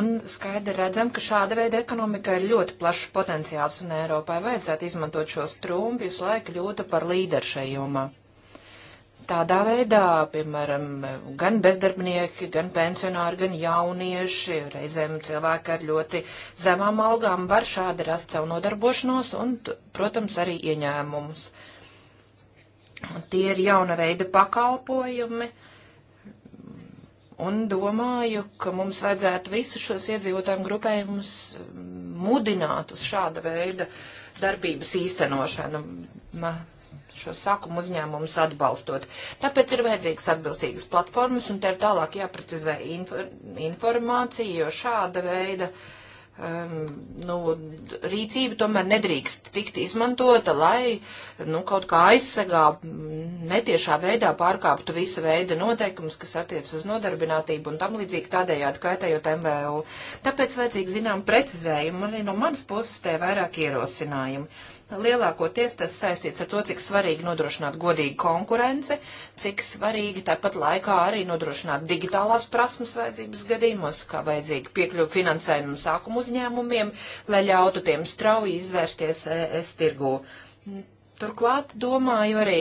Un skaidri redzam, ka šāda veida ekonomika ir ļoti plašs potenciāls, un Eiropai vajadzētu izmantot šos trumpjus, lai kļūtu par līderu šajā jomā. Tādā veidā, piemēram, gan bezdarbnieki, gan pensionāri, gan jaunieši, reizēm cilvēki ar ļoti zemām algām var šādi rast savu nodarbošanos un, protams, arī ieņēmumus. Uh, Tie ir jauna veida pakalpojumi. Un domāju, ka mums vajadzētu visus šos iedzīvotāju grupējumus mudināt uz šāda veida darbības īstenošanu, ma, šo sākumu uzņēmumus atbalstot. Tāpēc ir vajadzīgas atbilstīgas platformas, un te ir tālāk jāprecizē infor, informācija, jo šāda veida uh, um, nu, rīcība tomēr nedrīkst tikt izmantota, lai nu, kaut kā aizsegā netiešā veidā pārkāptu visa veida noteikumus, kas attiec uz nodarbinātību un tam līdzīgi tādējādi kaitējot MVU. Tāpēc vajadzīgi zinām precizējumu, arī no manas puses te vairāk ierosinājumu. Lielākoties tas saistīts ar to, cik svarīgi nodrošināt godīgu konkurenci, cik svarīgi tāpat laikā arī nodrošināt digitālās prasmes vajadzības gadījumos, kā vajadzīgi piekļuvu finansējumu sākumu uzņēmumiem, lai ļautu tiem strauji izvērsties e, es tirgū. Turklāt domāju arī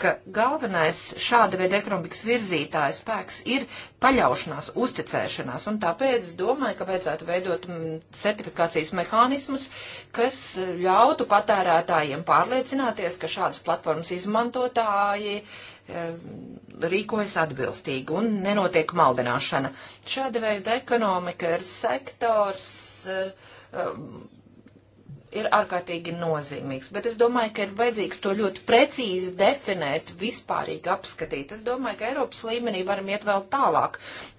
ka galvenais šāda veida ekonomikas virzītāja spēks ir paļaušanās, uzticēšanās, un tāpēc domāju, ka vajadzētu veidot mm, certifikācijas mehānismus, kas ļautu patērētājiem pārliecināties, ka šādas platformas izmantotāji rīkojas atbilstīgi un nenotiek maldināšana. Šāda veida ekonomika ir sektors, ir ārkārtīgi nozīmīgs, bet es domāju, ka ir vajadzīgs to ļoti precīzi definēt, vispārīgi apskatīt. Es domāju, ka Eiropas līmenī varam iet vēl tālāk,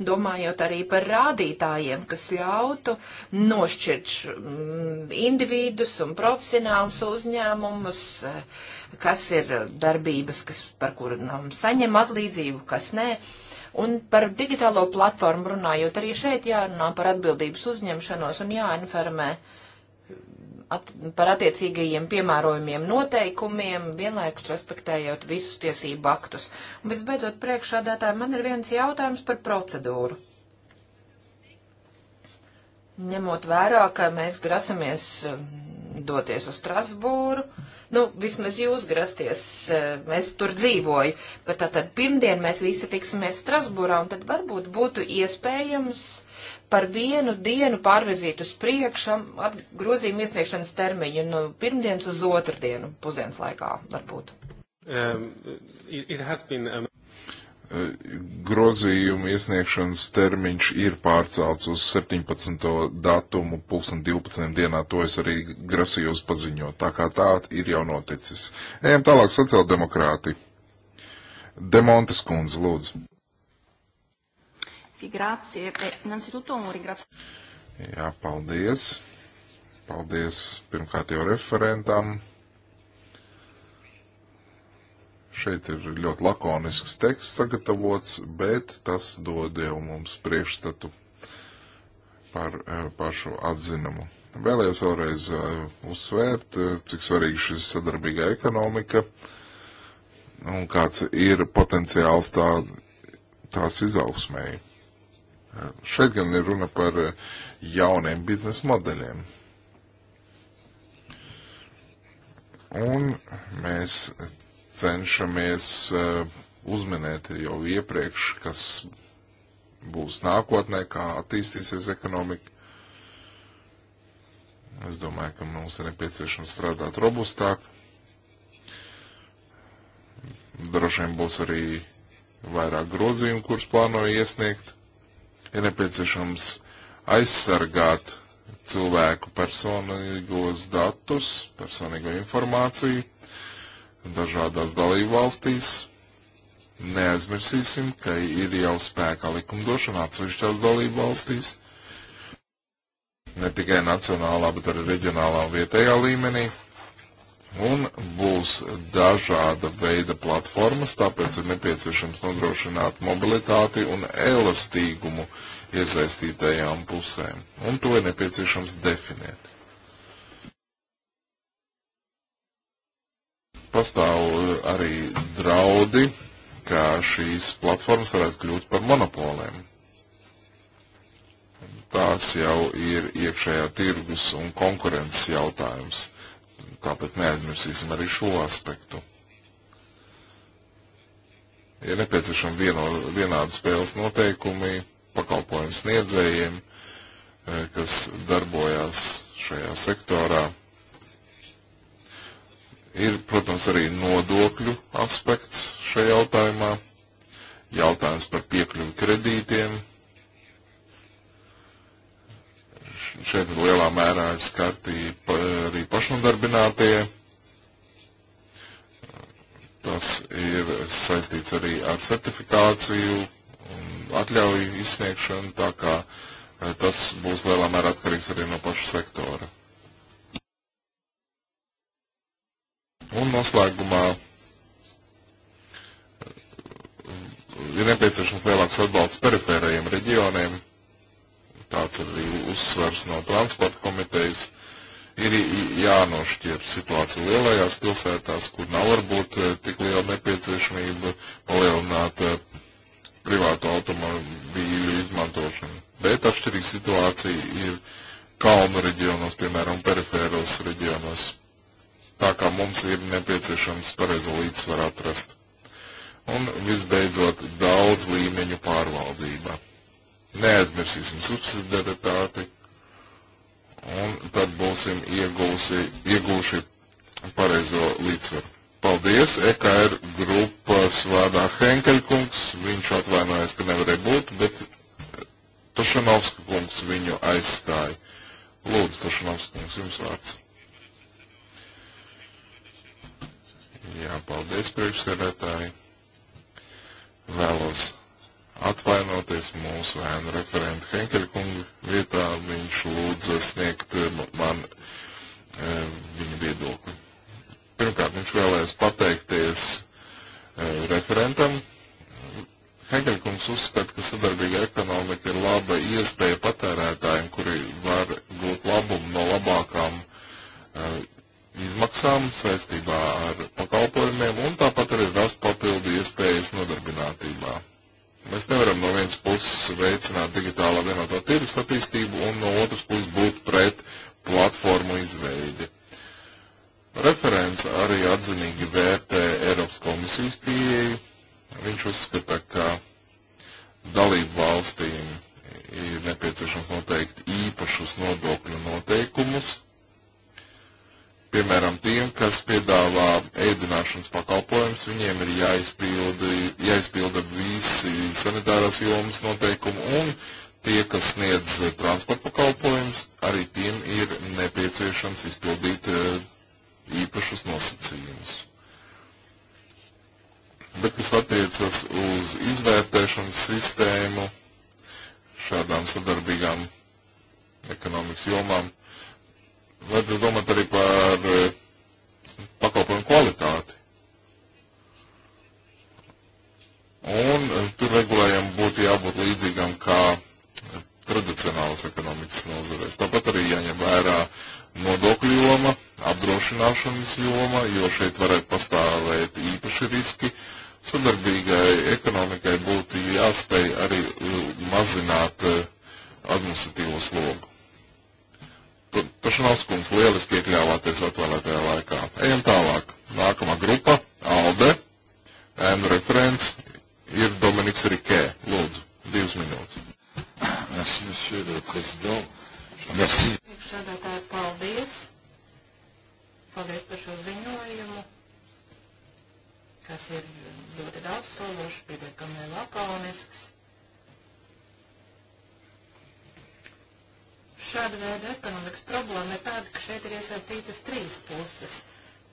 domājot arī par rādītājiem, kas ļautu nošķirt mm, individus un profesionālus uzņēmumus, eh, kas ir darbības, kas, par kurām saņem atlīdzību, kas nē. Un par digitālo platformu runājot, arī šeit jārunā par atbildības uzņemšanos un jāinformē. Uh, at, par attiecīgajiem piemērojumiem noteikumiem, vienlaikus respektējot visus tiesību aktus. Un visbeidzot, priekšādātāji, man ir viens jautājums par procedūru. Ņemot vērā, ka mēs grasamies um, doties uz Strasbūru, nu, vismaz jūs grasties, mēs uh, tur dzīvoju, bet tātad pirmdien mēs visi tiksimies Strasbūrā, un tad varbūt būtu iespējams par vienu dienu pārvirzīt uz priekšu grozījumu iesniegšanas termiņu no nu, pirmdienas uz otrdienu pusdienas laikā varbūt. Um, it, it has been, um... Grozījuma iesniegšanas termiņš ir pārcelts uz 17. datumu, 2012. dienā. To es arī grasījos paziņot. Tā kā tā ir jau noticis. Ejam tālāk, sociāldemokrāti. Demontes kundze, lūdzu. Sì, grazie. Beh, innanzitutto un ringraziamento. Jā, paldies. Paldies pirmkārt jau referentam. Šeit ir ļoti lakonisks teksts sagatavots, bet tas dod jau mums priekšstatu par eh, pašu atzinumu. Vēlējos vēlreiz eh, uzsvērt, eh, cik svarīga šī sadarbīga ekonomika un kāds ir potenciāls tā, tās izaugsmēji. Šeit gan ir runa par eh, jauniem biznesa modeļiem. Un mēs cenšamies eh, uzminēt jau iepriekš, kas būs nākotnē, kā attīstīsies ekonomika. Es domāju, ka mums ir nepieciešams strādāt robustāk. Droši vien būs arī vairāk grozījumu, kurus plānoju iesniegt ir nepieciešams aizsargāt cilvēku personīgos datus, personīgo informāciju dažādās dalību valstīs. Neaizmirsīsim, ka ir jau spēkā likumdošana atsevišķās dalību valstīs, ne tikai nacionālā, bet arī reģionālā un vietējā līmenī un būs dažāda veida platformas, tāpēc ir nepieciešams nodrošināt mobilitāti un elastīgumu iesaistītajām pusēm, un to ir nepieciešams definēt. Pastāv eh, arī draudi, ka šīs platformas varētu kļūt par monopoliem. Tās jau ir iekšējā tirgus un konkurences jautājums tāpēc neaizmirsīsim arī šo aspektu. Ir nepieciešami vieno, vienādi spēles noteikumi pakalpojumu sniedzējiem, e, kas darbojās šajā sektorā. Ir, protams, arī nodokļu aspekts šajā jautājumā, jautājums par piekļuvi kredītiem, šeit lielā mērā ir skarti arī pašnodarbinātie. Tas ir saistīts arī ar certifikāciju un atļauju izsniegšanu, tā kā eh, tas būs lielā mērā atkarīgs arī no paša sektora. Un noslēgumā eh, ir nepieciešams lielāks atbalsts perifērajiem reģioniem tāds arī uzsvers no transporta komitejas, ir jānošķir situācija lielajās pilsētās, kur nav varbūt eh, tik liela nepieciešamība palielināt eh, privātu automobīļu izmantošanu. Bet atšķirīga situācija ir kalnu reģionos, piemēram, perifēros reģionos. Tā kā mums ir nepieciešams pareizo līdzsvaru atrast. Un visbeidzot, daudz līmeņu pārvaldība neaizmirsīsim subsidiaritāti un tad būsim iegūsi, iegūši pareizo līdzsvaru. Paldies, EKR grupas vārdā Henkeļkungs, viņš atvainojas, ka nevarēja būt, bet Tošanovska kungs viņu aizstāja. Lūdzu, Tošanovska kungs, jums vārds. Jā, paldies priekšsēdētāji. Vēlos atvainoties mūsu ēnu referentu Henkeļa kungu vietā. Viņš lūdza sniegt eh, man e, viņa viedokli. Pirmkārt, viņš vēlēs pateikties e, referentam. Henkeļa kungs uzskata, ka sadarbīga ekonomika ir laba iespēja patērētājiem, kuri var gūt labumu no labākām e, izmaksām saistībā ar pakalpojumiem un tāpat arī rast papildu iespējas nodarbinātībā. Mēs nevaram no vienas puses veicināt digitālā vienotā tirgus attīstību un no otras puses būt pret platformu izveidi. Referents arī atzinīgi vērtē Eiropas komisijas pieeju. Viņš uzskata, ka dalību valstīm ir nepieciešams noteikt īpašus nodokļu noteikumus, piemēram, tiem, kas piedāvā ēdināšanas pakalpojumus, viņiem ir jāizpildi, jāizpilda visi sanitārās jomas noteikumu un tie, kas sniedz eh, transporta pakalpojumus, arī tiem ir nepieciešams izpildīt eh, īpašus nosacījumus. Bet kas attiecas uz izvērtēšanas sistēmu šādām sadarbīgām ekonomikas jomām, vajadzētu domāt arī par eh, pakalpojumu kvalitāti. Un eh, tur regulējumam būtu jābūt līdzīgam kā eh, tradicionālas ekonomikas nozarēs. Tāpat arī jāņem vērā nodokļu joma, apdrošināšanas joma, jo šeit varētu pastāvēt īpaši riski. Sadarbīgai ekonomikai būtu jāspēj arī eh, mazināt administratīvo slogu. Tašanovs kungs lieliski iekļāvāties atvēlētajā laikā. Ejam tālāk. Nākamā grupa - ALDE, N referents ir Dominiks Rikē. Lūdzu, divas minūtes. Merci, monsieur le président. Merci. Priekšsēdētāji, paldies. Paldies par šo ziņojumu, kas ir ļoti daudz sološs, pietiekami lakonisks. Šāda veida ekonomikas problēma ir tāda, ka šeit ir iesaistītas trīs puses –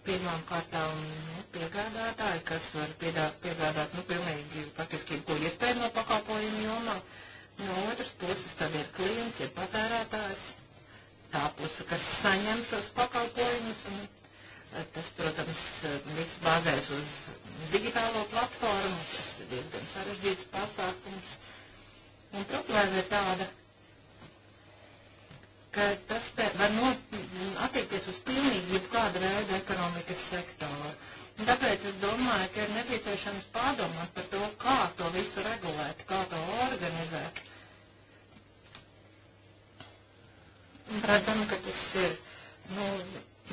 pirmām kārtām nu, piegādātāji, kas var piedāt, piegādāt nu, pilnīgi faktiski ko iespēju no pakalpojumu jomā. No otras puses tad ir klients, ir patērētājs, tā puse, kas saņem šos pakalpojumus. Un, eh, tas, protams, eh, viss bāzēs uz digitālo platformu, tas ir diezgan sarežģīts pasākums. Un problēma ir tāda, ka tas var no, attiekties uz pilnīgi jebkāda veida ekonomikas sektoru. Tāpēc es domāju, ka ir nepieciešams pārdomāt par to, kā to visu regulēt, kā to organizēt. Redzam, ka tas ir nu,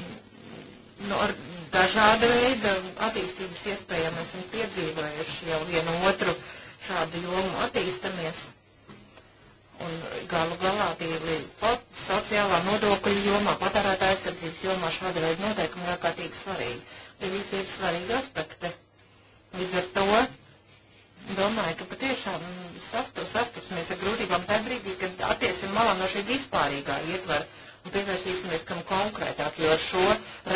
nu, ar dažāda veida attīstības iespējām esam piedzīvojuši jau vienu otru šādu jomu attīstamies. Un galu galā tie sociālā nodokļu jomā, patērētā aizsardzības jomā šāda veida noteikumi ir ārkārtīgi svarīgi. Tie visi ir svarīgi aspekti. Līdz ar to domāju, ka patiešām sastu, sastupsimies ar grūtībām tajā brīdī, kad attiesim malā no šī vispārīgā ietvara un pievērsīsimies kam konkrētāk, jo ar šo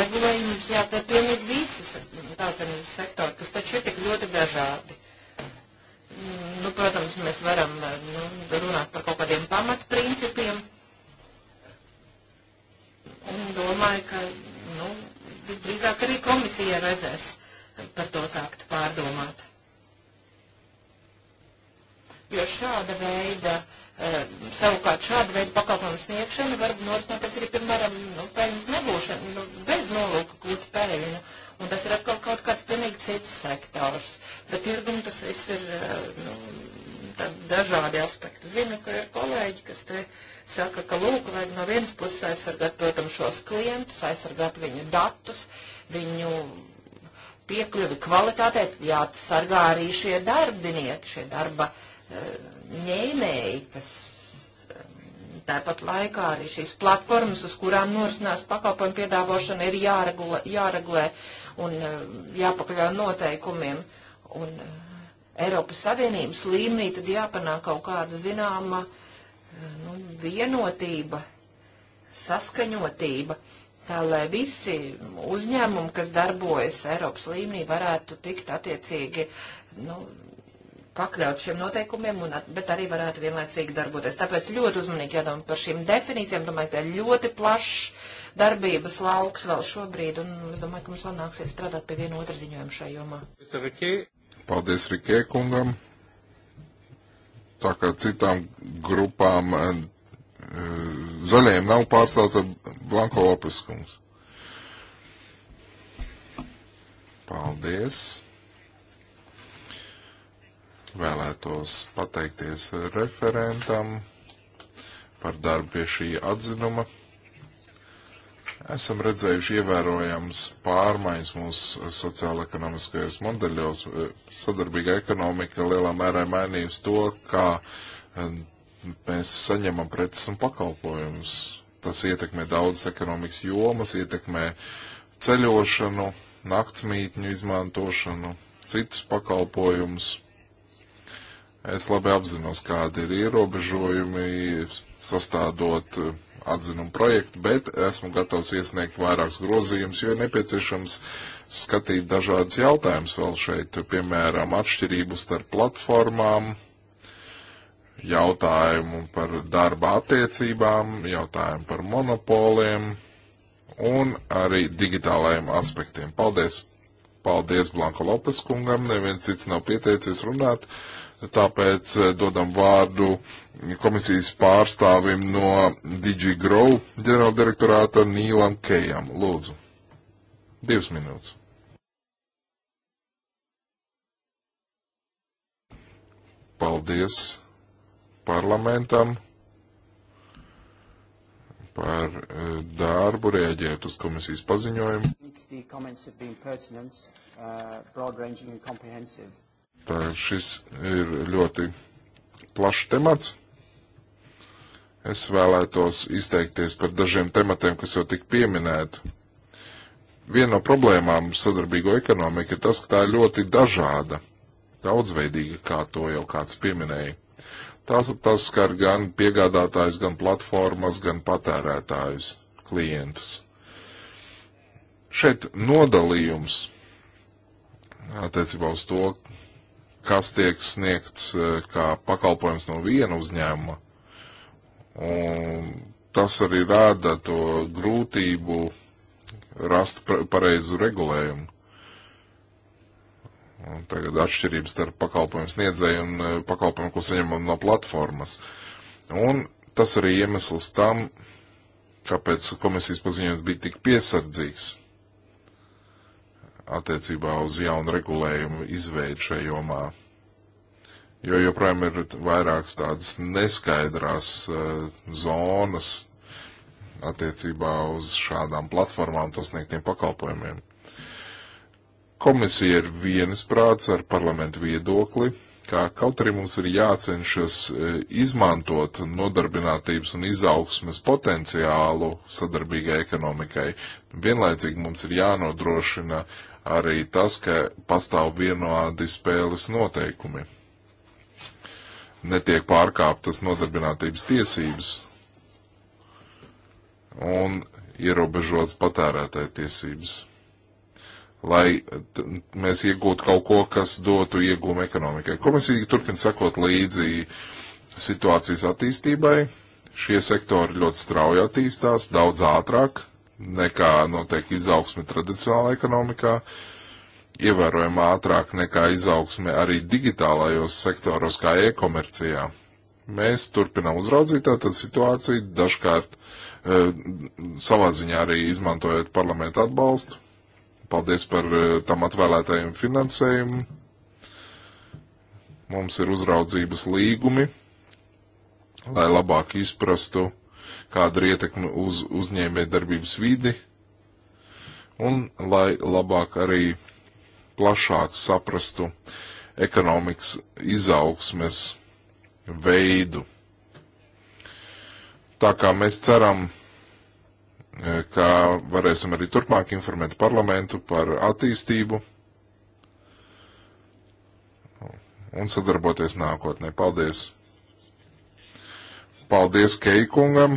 regulējumu mums jātiek pilnīgi visas tautsēmības sektori, kas taču ir tik ļoti dažādi nu, protams, mēs varam eh, nu, runāt par kaut kādiem pamatprincipiem. Un domāju, ka nu, visdrīzāk arī komisija redzēs par to sākt pārdomāt. Jo šāda veida, eh, savukārt šāda veida pakalpojumu sniegšana var norisināties arī, piemēram, nu, peļņas nebūšana, nu, bez nolūka gūt peļņu. Un tas ir atkal kaut kāds pilnīgi cits sektors. Uh, Bet tirgumu tas viss ir eh, nu, dažādi aspekti. Zinu, ka ir kolēģi, kas te saka, ka lūk, vajag no vienas puses aizsargāt, protams, šos klientus, aizsargāt viņu datus, viņu piekļuvi kvalitātei, jāatsargā arī šie darbinieki, šie darba eh, ņēmēji, kas eh, tāpat laikā arī šīs platformas, uz kurām norisinās pakalpojumu piedāvošana, ir jāregulē, jāreglē un jāpakaļ noteikumiem un eh, Eiropas Savienības līmenī tad jāpanāk kaut kāda zināma eh, nu, vienotība, saskaņotība, tā lai visi uzņēmumi, kas darbojas Eiropas līmenī, varētu tikt attiecīgi nu, pakļaut šiem noteikumiem, un, bet arī varētu vienlaicīgi darboties. Tāpēc ļoti uzmanīgi jādomā par šīm definīcijām. Domāju, ka ļoti plašs darbības lauks vēl šobrīd, un es domāju, ka mums vēl nāksies strādāt pie viena otra ziņojuma šajā jomā. Paldies Rikē kungam. Tā kā citām grupām eh, zaļajiem nav pārstāvts Blanko Lopes kungs. Paldies. Vēlētos pateikties referentam par darbu pie šī atzinuma. Esam redzējuši ievērojams pārmaiņas mūsu sociāla-ekonomiskajos modeļos. Sadarbīga ekonomika lielā mērā mainījusi to, kā eh, mēs saņemam preces un pakalpojumus. Tas ietekmē daudzas ekonomikas jomas, ietekmē ceļošanu, naktsmītņu izmantošanu, citus pakalpojumus. Es labi apzinos, kādi ir ierobežojumi sastādot eh, atzinumu projektu, bet esmu gatavs iesniegt vairākus grozījumus, jo ir nepieciešams skatīt dažādas jautājumas vēl šeit, piemēram, atšķirību starp platformām, jautājumu par darba attiecībām, jautājumu par monopoliem un arī digitālajiem aspektiem. Paldies! Paldies Blanka Lopes kungam, neviens cits nav pieteicies runāt tāpēc eh, dodam vārdu komisijas pārstāvim no DigiGrow ģenerāldirektorāta Nīlam Kejam. Lūdzu. Divas minūtes. Paldies parlamentam par eh, darbu rēģēt uz komisijas paziņojumu. Tā šis ir ļoti plašs temats. Es vēlētos izteikties par dažiem tematiem, kas jau tik pieminēti. Viena no problēmām sadarbīgo ekonomiku ir tas, ka tā ir ļoti dažāda, daudzveidīga, kā to jau kāds pieminēja. Tas, tas skar gan piegādātājs, gan platformas, gan patērētājus, klientus. Šeit nodalījums attiecībā uz to, kas tiek sniegts e, kā pakalpojums no viena uzņēmuma. Un tas arī rāda to grūtību rast pareizu regulējumu. Un tagad atšķirības starp pakalpojumu sniedzēju un e, pakalpojumu, ko saņemam no platformas. Un tas arī iemesls tam, kāpēc komisijas paziņojums bija tik piesardzīgs attiecībā uz jaunu regulējumu izveidu šajā jomā. Jo joprojām ir vairākas tādas neskaidrās uh, zonas attiecībā uz šādām platformām to sniegtiem pakalpojumiem. Komisija ir vienisprāts ar parlamentu viedokli, ka kaut arī mums ir jācenšas eh, izmantot nodarbinātības un izaugsmes potenciālu sadarbīgai ekonomikai, vienlaicīgi mums ir jānodrošina arī tas, ka pastāv vienādi spēles noteikumi. Netiek pārkāptas nodarbinātības tiesības un ierobežotas patērētāja tiesības. Lai mēs iegūtu kaut ko, kas dotu iegūmu ekonomikai. Komisija turpina sakot līdzi situācijas attīstībai. Šie sektori ļoti strauji attīstās, daudz ātrāk nekā notiek izaugsme tradicionālā ekonomikā, ievērojami ātrāk nekā izaugsme arī digitālajos sektoros, kā e-komercijā. Mēs turpinām uzraudzīt tātad situāciju, dažkārt e, savā ziņā arī izmantojot parlamentu atbalstu. Paldies par e, tam atvēlētajiem finansējumu. Mums ir uzraudzības līgumi, lai labāk izprastu kādu ir ietekmi uz uzņēmē darbības vidi, un lai labāk arī plašāk saprastu ekonomikas izaugsmes veidu. Tā kā mēs ceram, e, ka varēsim arī turpmāk informēt parlamentu par attīstību un sadarboties nākotnē. Paldies! Paldies Keikungam!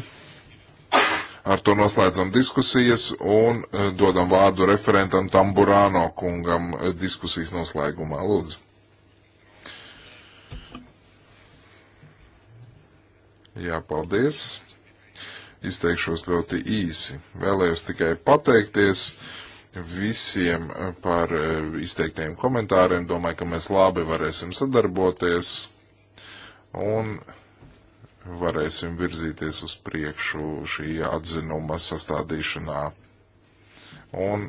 Ar to noslēdzam diskusijas un eh, dodam vārdu referentam Tamburāno kungam eh, diskusijas noslēgumā. Lūdzu. Jā, paldies. Izteikšos ļoti īsi. Vēlējos tikai pateikties visiem eh, par izteiktiem komentāriem. Domāju, ka mēs labi varēsim sadarboties. Un varēsim virzīties uz priekšu šī atzinuma sastādīšanā un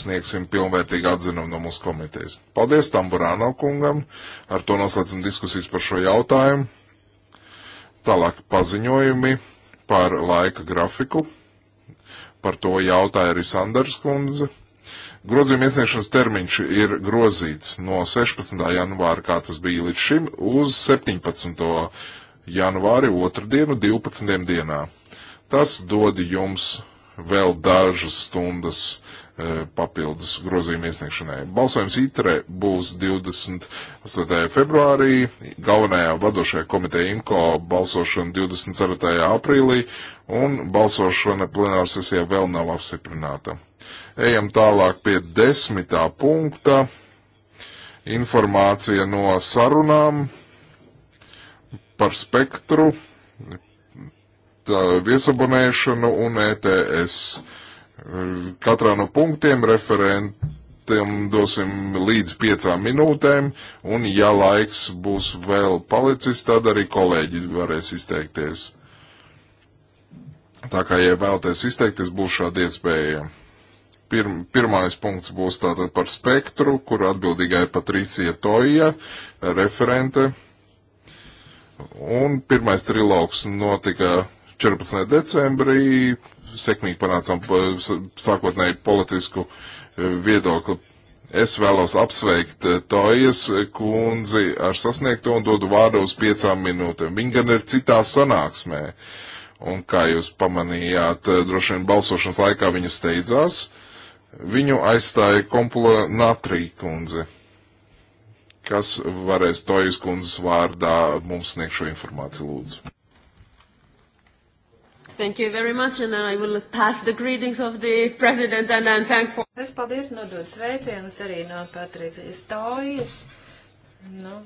sniegsim pilnvērtīgu atzinumu no mūsu komitejas. Paldies Tamburāno kungam, ar to noslēdzam diskusijas par šo jautājumu. Tālāk paziņojumi par laika grafiku. Par to jautāja arī Sanders kundze. Grozījuma iesniegšanas termiņš ir grozīts no 16. janvāra, kā tas bija līdz šim, uz 17. janvāri otrdienu 12. dienā. Tas dod jums vēl dažas stundas e, papildus grozījuma iesniegšanai. Balsojums ITRE būs 28. februārī, galvenajā vadošajā komiteja IMCO balsošana 24. aprīlī, un balsošana plenārsesijā vēl nav apstiprināta. Ejam tālāk pie desmitā punkta. Informācija no sarunām par spektru, viesabonēšanu un ETS. Katrā no punktiem referentiem dosim līdz piecām minūtēm, un ja laiks būs vēl palicis, tad arī kolēģi varēs izteikties. Tā kā, ja vēlaties izteikties, būs šāda iespēja. Pirm, pirmais punkts būs tātad par spektru, kur atbildīgai Patricija Toja, referente. Un pirmais trilogs notika 14. decembrī, sekmīgi panācām sākotnēji politisku e, viedokli. Es vēlos apsveikt e, Tojas kundzi ar sasniegto un dodu vārdu uz piecām minūtēm. Viņa gan ir citā sanāksmē. Un kā jūs pamanījāt, e, droši vien balsošanas laikā viņa steidzās. Uh, Viņu aizstāja kompula Natrī kundze, kas varēs Tojas kundzes vārdā mums sniegt šo informāciju lūdzu. Thank you very much, and I will pass the greetings of the president, and I'm thankful. Es paldies nodot sveicienus arī no Patricijas Tojas. Nu,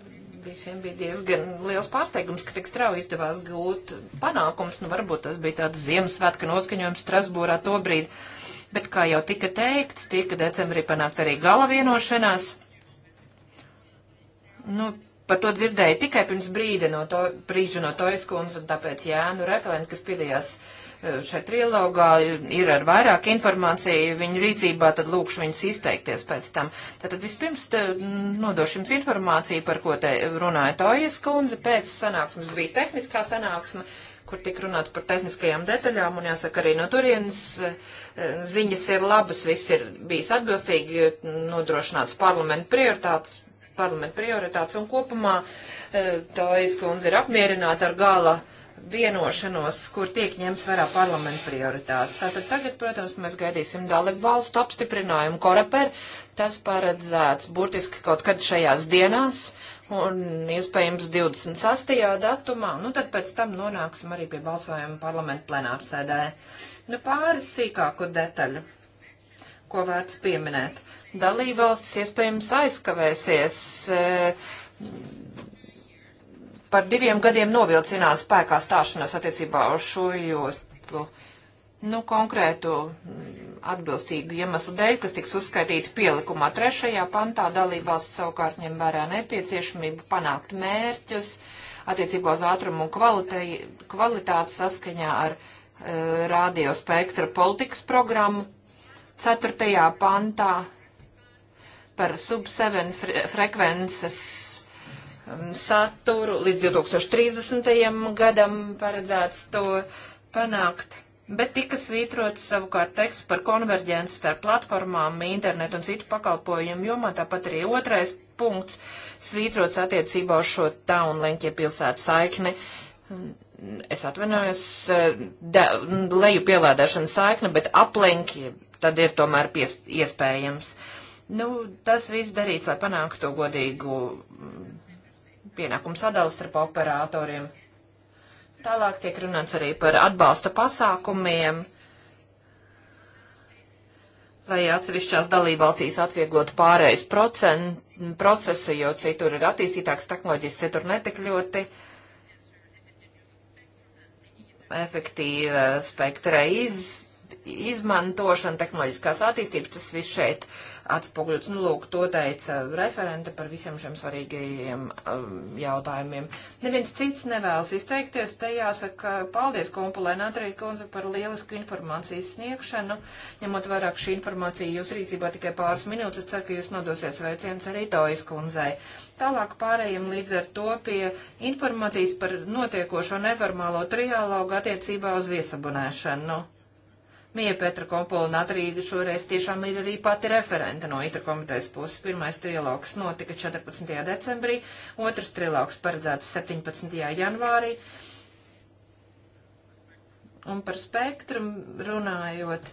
visiem bija diezgan liels pārsteigums, ka tik strauji izdevās gūt panākums. Nu, varbūt tas bija tāds Ziemassvētku noskaņojums Strasbūrā tobrīd. brīdi bet, kā jau tika teikts, tika decembrī panākt arī gala vienošanās. Nu, par to dzirdēju tikai pirms brīda no to, brīža no Tojas kundzes, un tāpēc, jā, nu, referenti, kas piedījās e, šeit trilogā, ir ar vairāk informāciju viņu rīcībā, tad lūkšu viņus izteikties pēc tam. Tātad vispirms te, mm, nodošu jums informāciju, par ko te runāja Tojas kundze, pēc sanāksmes bija tehniskā sanāksme. Uh, kur tik runāts par tehniskajām detaļām, un jāsaka arī no turienes eh, ziņas ir labas, viss ir bijis atbilstīgi, nodrošināts parlamentu prioritātes, parlamentu prioritātes, un kopumā eh, tā izkundze ir apmierināta ar gala vienošanos, kur tiek ņemts vērā parlamenta prioritātes. Tātad tagad, protams, mēs gaidīsim dalību valstu apstiprinājumu koreper. Tas paredzēts burtiski kaut kad šajās dienās un iespējams 28. datumā, nu tad pēc tam nonāksim arī pie balsojuma parlamentu plenārsēdē. Nu pāris sīkāku detaļu, ko vērts pieminēt. Dalībvalstis iespējams aizkavēsies e, par diviem gadiem novilcinās spēkā stāšanās attiecībā uz šo jostu nu, konkrētu mm, atbilstīgu iemeslu dēļ, kas tiks uzskaitīti pielikumā trešajā pantā, dalībvalsts savukārt ņem vērā nepieciešamību panākt mērķus attiecībā uz ātrumu un kvalitei, kvalitāti saskaņā ar e, radiospektra politikas programmu. Ceturtajā pantā par sub-7 fre frekvences mm, saturu līdz 2030. gadam paredzēts to panākt bet tika svītrots savukārt teksts par konverģenci starp platformām, internetu un citu pakalpojumu jomā, tāpat arī otrais punkts svītrots attiecībā uz šo taunlink, ja pilsētu saikni. Es atvainojos, eh, de, leju pielādēšana saikne, bet aplinki tad ir tomēr pies, iespējams. Nu, tas viss darīts, lai panāktu to godīgu mm, pienākumu sadalu starp operatoriem. Tālāk tiek runāts arī par atbalsta pasākumiem, lai atsevišķās dalībvalstīs atvieglotu pārējais procesu, jo citur ir attīstītāks tehnoloģijas, citur netik ļoti efektīva spektra iz, izmantošana, tehnoloģiskās attīstības, tas viss šeit atspoguļots. Nu, lūk, to teica referente par visiem šiem svarīgajiem um, jautājumiem. Neviens cits nevēlas izteikties. Te jāsaka paldies kompulēna Andrija Kunze par lielisku informācijas sniegšanu. Ņemot vairāk šī informācija jūs rīcībā tikai pāris minūtes, ceru, ka jūs nodosiet sveicienus arī Tojas kundzei. Tālāk pārējiem līdz ar to pie informācijas par notiekošo neformālo triālogu attiecībā uz viesabunēšanu. Mija Petra Kompola Nadrīga šoreiz tiešām ir arī pati referente no ITRA komitejas puses. Pirmais trilogs notika 14. decembrī, otrs trilogs paredzēts 17. janvārī. Un par spektru runājot,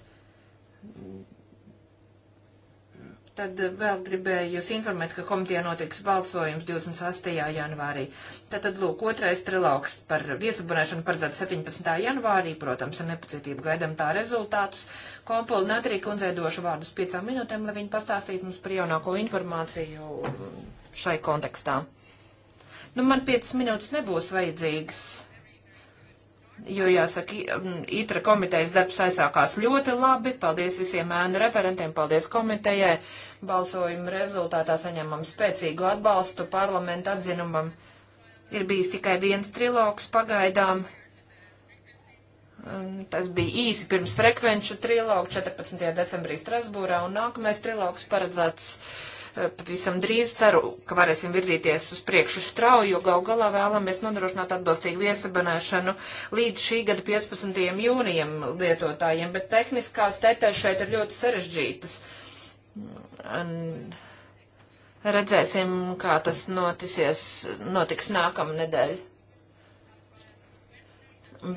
Tad vēl gribēju jūs informēt, ka komitejā notiks balsojums 28. janvārī. Tātad, lūk, otrais trilogs par viesabunēšanu paredzēts 17. janvārī. Protams, ar nepacietību gaidām tā rezultātus. Kompoli Natrī kundzei došu vārdus piecām minūtēm, lai viņi pastāstītu mums par jaunāko informāciju šai kontekstā. Nu, man piecas minūtes nebūs vajadzīgas jo jāsaka, ITRA komitejas darbs aizsākās ļoti labi. Paldies visiem ēnu referentiem, paldies komitejai. Balsojuma rezultātā saņemam spēcīgu atbalstu parlamentu atzinumam. Ir bijis tikai viens trilogs pagaidām. Tas bija īsi pirms frekvenču trilogu 14. decembrī Strasbūrā un nākamais trilogs paredzēts pavisam drīz ceru, ka varēsim virzīties uz priekšu strauju, jo gal galā vēlamies nodrošināt atbilstīgu iesabinēšanu līdz šī gada 15. jūnijam lietotājiem, bet tehniskās tētēs šeit ir ļoti sarežģītas. Un redzēsim, kā tas notisies, notiks nākamnedēļ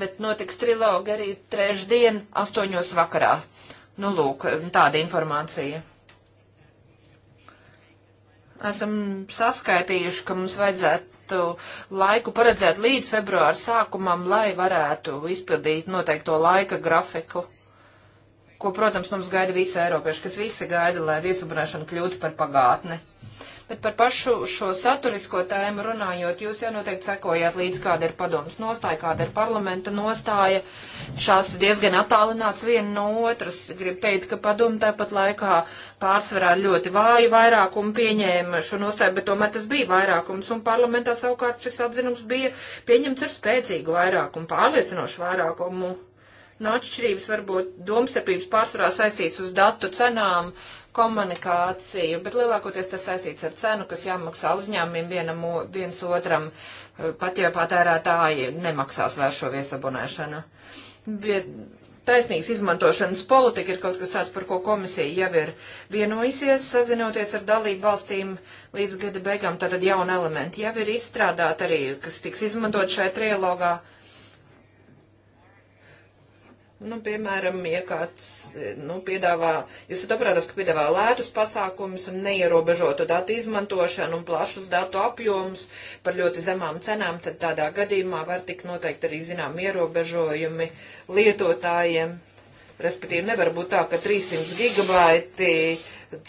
bet notiks trilogi arī trešdien, astoņos vakarā. Nu, lūk, tāda informācija esam saskaitījuši, ka mums vajadzētu laiku paredzēt līdz februāra sākumam, lai varētu izpildīt noteikto laika grafiku, ko, protams, mums gaida visi eiropieši, kas visi gaida, lai viesabunēšana kļūtu par pagātni bet par pašu šo saturisko tēmu runājot, jūs jau noteikti sekojāt līdz kāda ir padomas nostāja, kāda ir parlamenta nostāja. Šās diezgan attālināts viena no otras. Gribu teikt, ka padoma tāpat laikā pārsvarā ļoti vāju vairākumu pieņēma šo nostāju, bet tomēr tas bija vairākums, un parlamentā savukārt šis atzinums bija pieņemts ar spēcīgu vairākumu, pārliecinošu vairākumu no nu, atšķirības varbūt domstarpības pārsvarā saistīts uz datu cenām, komunikāciju, bet lielākoties tas saistīts ar cenu, kas jāmaksā uzņēmumiem vienam, viens otram, pat ja patērētāji nemaksās vēl šo viesabunēšanu. Bet taisnīgas izmantošanas politika ir kaut kas tāds, par ko komisija jau ir vienojusies, sazinoties ar dalību valstīm līdz gada beigām. Tātad jauna elementa jau ir izstrādāta arī, kas tiks izmantot šajā trilogā. Nu, piemēram, ja kāds, nu, piedāvā, jūs esat operators, ka piedāvā lētus pasākumus un neierobežotu datu izmantošanu un plašus datu apjomus par ļoti zemām cenām, tad tādā gadījumā var tik noteikti arī zinām ierobežojumi lietotājiem. Respektīvi, nevar būt tā, ka 300 gigabaiti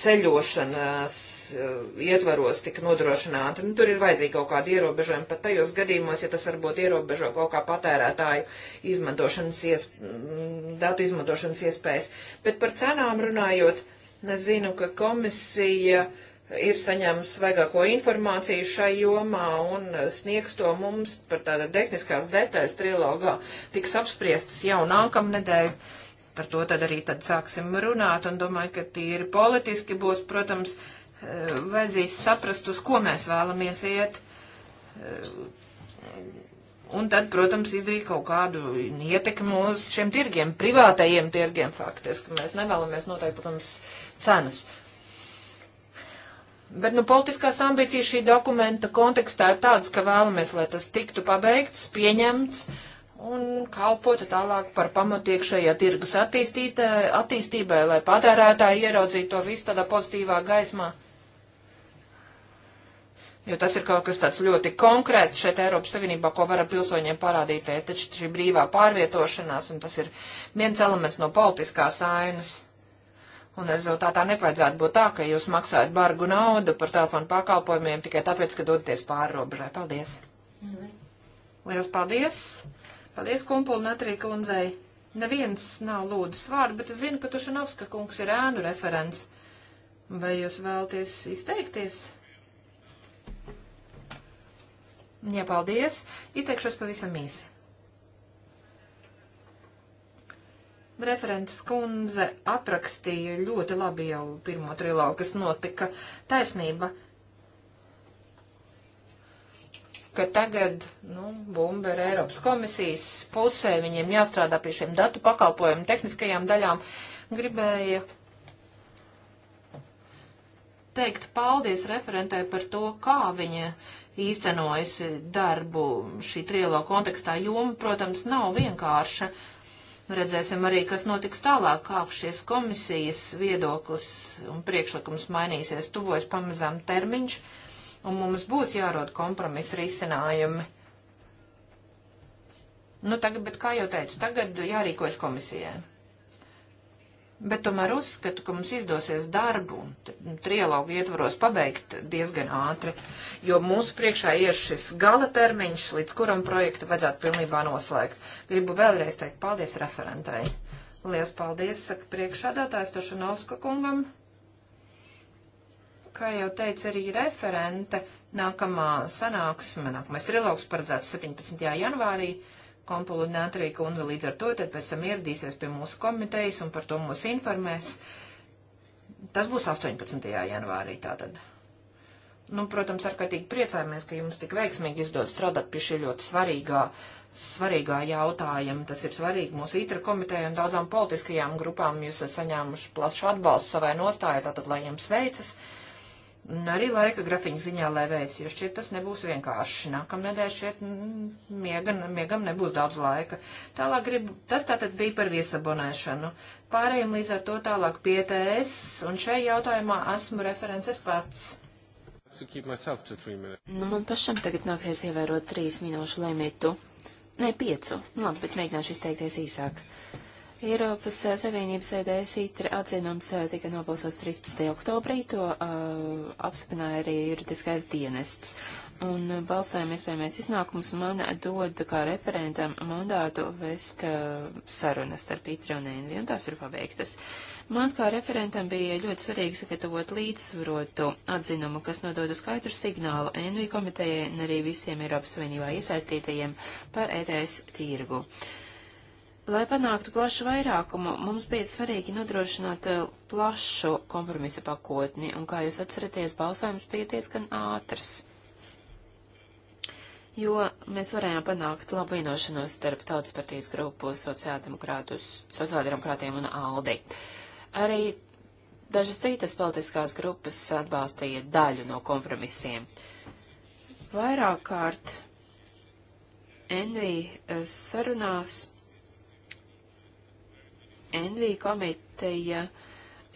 ceļošanas eh, ietvaros tika nodrošināta. Nu, tur ir vajadzīgi kaut kādi ierobežojumi, pat tajos gadījumos, ja tas varbūt ierobežo kaut kā patērētāju izmantošanas iesp... Mm, datu izmantošanas iespējas. Bet par cenām runājot, es zinu, ka komisija ir saņēmusi svaigāko informāciju šai jomā un sniegs to mums par tāda tehniskās detaļas trilogā tiks apspriestas jau nākamnedēļ par to tad arī tad sāksim runāt, un domāju, ka tīri politiski būs, protams, eh, vajadzīs saprast, uz ko mēs vēlamies iet, eh, un tad, protams, izdarīt kaut kādu ietekmi uz šiem tirgiem, privātajiem tirgiem faktiski, mēs nevēlamies noteikti, protams, cenas. Bet, nu, politiskās ambīcijas šī dokumenta kontekstā ir tādas, ka vēlamies, lai tas tiktu pabeigts, pieņemts, uh, un kalpotu tālāk par pamatu iekšējā tirgus attīstībai, lai patērētāji ieraudzītu to visu tādā pozitīvā gaismā. Jo tas ir kaut kas tāds ļoti konkrēts šeit Eiropas Savienībā, ko varam pilsoņiem parādīt. E, taču šī brīvā pārvietošanās, un tas ir viens elements no politiskās ainas. Un rezultātā nevajadzētu būt tā, ka jūs maksājat bargu naudu par telefonu pakalpojumiem tikai tāpēc, ka dodaties pāri robežai. Paldies! Lielas paldies! Paldies, Kumpul, Natrī kundzei. Neviens nav lūdzis vārdu, bet es zinu, ka Tušanovska kungs ir ēnu referents. Vai jūs vēlaties izteikties? Jā, paldies. Izteikšos pavisam īsi. Referents kundze aprakstīja ļoti labi jau pirmo trilogu, kas notika taisnība ka tagad nu, bumba ir Eiropas komisijas pusē, viņiem jāstrādā pie šiem datu pakalpojumu tehniskajām daļām. Gribēju teikt paldies referentē par to, kā viņa īstenojas darbu šī trielo kontekstā. Joma, protams, nav vienkārša. Redzēsim arī, kas notiks tālāk, kā šies komisijas viedoklis un priekšlikums mainīsies. Tuvojas pamazām termiņš. Uh, un mums būs jārod kompromisa risinājumi. Nu, tagad, bet kā jau teicu, tagad jārīkojas komisijai. Bet tomēr uzskatu, ka mums izdosies darbu un trialogu ietvaros pabeigt diezgan ātri, jo mūsu priekšā ir šis gala termiņš, līdz kuram projektu vajadzētu pilnībā noslēgt. Gribu vēlreiz teikt paldies referentai. Lielas paldies, saka priekšādātājs Tošanovska kungam. Kā jau teica arī referente, nākamā sanāksme, nākamais trilogs paredzēts 17. janvārī. Kompulu Nātrija kundze līdz ar to tad pēc tam ieradīsies pie mūsu komitejas un par to mūs informēs. Tas būs 18. janvārī tātad. Nu, protams, ārkārtīgi priecājamies, ka jums tik veiksmīgi izdodas strādāt pie šī ļoti svarīgā, svarīgā jautājuma. Tas ir svarīgi mūsu itra komiteja un daudzām politiskajām grupām. Jūs esat saņēmuši plašu atbalstu savai nostāju, tātad, lai jums veicas. Uh, Un arī laika grafiņa ziņā, lai veids, jo šķiet tas nebūs vienkārši. Nākamnedēļ šķiet mm, miegam, miegam nebūs daudz laika. Tālāk grib, tas tātad bija par viesabonēšanu. Pārējiem līdz ar to tālāk pie TS, un šai jautājumā esmu references pats. Nu, man pašam tagad nāksies ievērot trīs minūšu limitu. Nē, piecu. Nu, labi, bet mēģināšu izteikties īsāk. Eiropas Savienības EDS ītra atzinums eh, tika nobalsots 13. oktobrī, to uh, eh, apspināja arī juridiskais dienests. Un balsojuma iespējamais iznākums man dod kā referentam mandātu vest uh, sarunas starp ITRI un ENVI, un tās ir pabeigtas. Man kā referentam bija ļoti svarīgi sagatavot līdzsvarotu atzinumu, kas nodotu skaidru signālu ENVI komitejai un arī visiem Eiropas Savienībā iesaistītajiem par ETS tīrgu. Uh, Lai panāktu plašu vairākumu, mums bija svarīgi nodrošināt eh, plašu kompromisa pakotni, un, kā jūs atceraties, balsojums bija diezgan ātrs, jo mēs varējām panākt labu vienošanos starp Tautas partijas grupu sociāldemokrātiem un Aldi. Arī dažas citas politiskās grupas atbalstīja daļu no kompromisiem. Vairāk kārt NV sarunās NV komiteja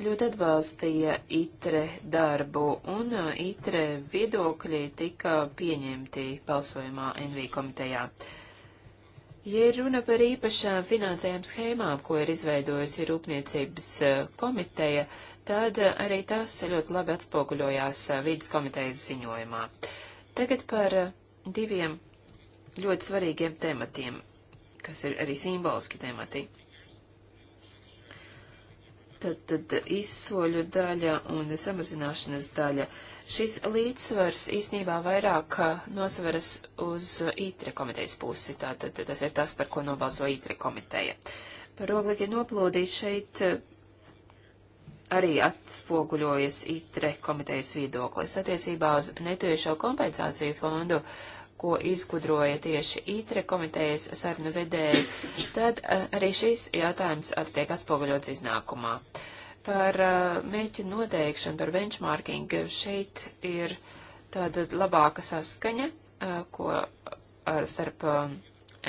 ļoti atbalstīja ITRE darbu, un uh, ITRE viedokļi tika pieņemti balsojumā NV komitejā. Ja runa par īpašām finansējām schēmām, ko ir izveidojusi Rūpniecības uh, komiteja, tad uh, arī tas ļoti labi atspoguļojās vidas komitejas ziņojumā. Tagad par diviem ļoti svarīgiem tematiem, kas ir arī simboliski temati. Tad, tad izsoļu daļa un samazināšanas daļa. Šis līdzsvars īsnībā vairāk uh, nosveras uz ITRE uh, komitejas pusi, tātad tas ir tas, par ko nobalso ITRE komiteja. Par oglekļa noplūdī šeit uh, arī atspoguļojas ITRE komitejas viedoklis attieciībā uz netiešo kompensāciju fondu. Uh, ko izgudroja tieši ITRE komitejas sarunu vedēji, tad eh, arī šis jautājums attiek atspoguļots iznākumā. Par eh, mēķu noteikšanu, par benchmarking šeit ir tāda labāka saskaņa, eh, ko ar starp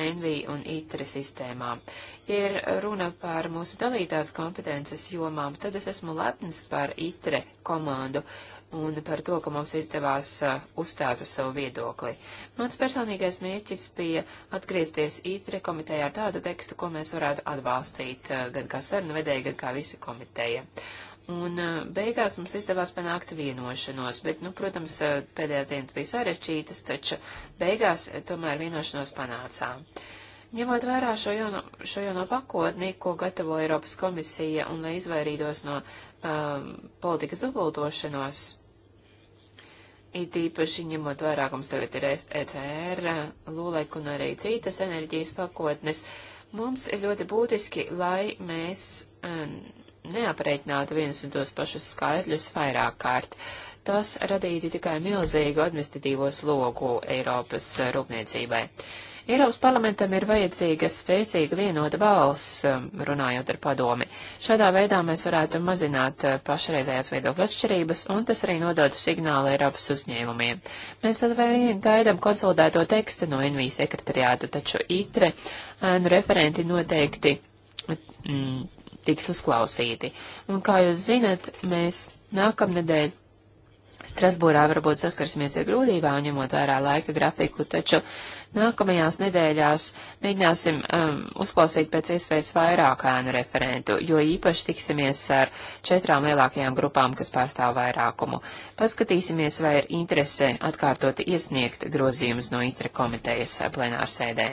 NV un ITRE sistēmām. Ja ir runa par mūsu dalītās kompetences jomām, tad es esmu lepns par ITRE komandu, un par to, ka mums izdevās uh, uzstāt uz savu viedokli. Mans personīgais mērķis bija atgriezties ITRE komitejā ar tādu tekstu, ko mēs varētu atbalstīt uh, gan kā sarunu vedēji, gan kā visi komiteja. Un uh, beigās mums izdevās panākt vienošanos, bet, nu, protams, pēdējās dienas bija sarežģītas, taču beigās tomēr vienošanos panācām. Ņemot vērā šo jauno, šo jauno pakotni, ko gatavo Eiropas komisija un lai izvairītos no um, politikas dubultošanos, It īpaši ņemot vairākums tagad ir ECR, e Lūlek un arī citas enerģijas pakotnes, mums ir ļoti būtiski, lai mēs um, neapreikinātu vienas un tos pašus skaitļus vairāk kārt. Tas radītu tikai milzīgu administratīvo slogu Eiropas rūpniecībai. Uh, Eiropas parlamentam ir vajadzīga spēcīga vienota balss, um, runājot ar padomi. Šādā veidā mēs varētu mazināt uh, pašreizējās viedokļu atšķirības, un tas arī nodotu signālu Eiropas uzņēmumiem. Mēs vēl gaidām konsolidēto tekstu no NV sekretariāta, taču ITRE ēnu referenti noteikti mm, tiks uzklausīti. Un kā jūs zinat, mēs nākamnedēļ Strasbūrā varbūt saskarsimies ar grūtībām, ņemot vērā laika grafiku, taču nākamajās nedēļās mēģināsim um, uzklausīt pēc iespējas vairāk ēnu referentu, jo īpaši tiksimies ar četrām lielākajām grupām, kas pārstāv vairākumu. Paskatīsimies, vai ir interese atkārtot iesniegt grozījumus no ITRE komitejas plenārsēdē.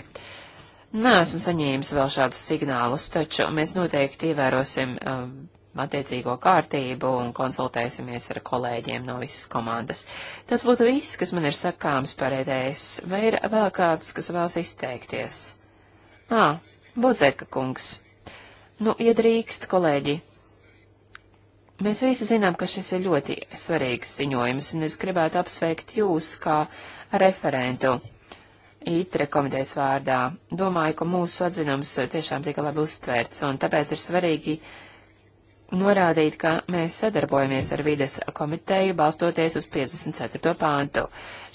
Nē, esmu saņēmis vēl šādus signālus, taču mēs noteikti ievērosim. Um, attiecīgo kārtību un konsultēsimies ar kolēģiem no visas komandas. Tas būtu viss, kas man ir sakāms par EDS, vai ir vēl kāds, kas vēlas izteikties? Ā, Buzeka kungs. Nu, iedrīkst, kolēģi, Mēs visi zinām, ka šis ir ļoti svarīgs ziņojums, un es gribētu apsveikt jūs kā referentu ITRE komitejas vārdā. Domāju, ka mūsu atzinums tiešām tika labi uztverts, un tāpēc ir svarīgi norādīt, ka mēs sadarbojamies ar vides komiteju balstoties uz 54. pāntu.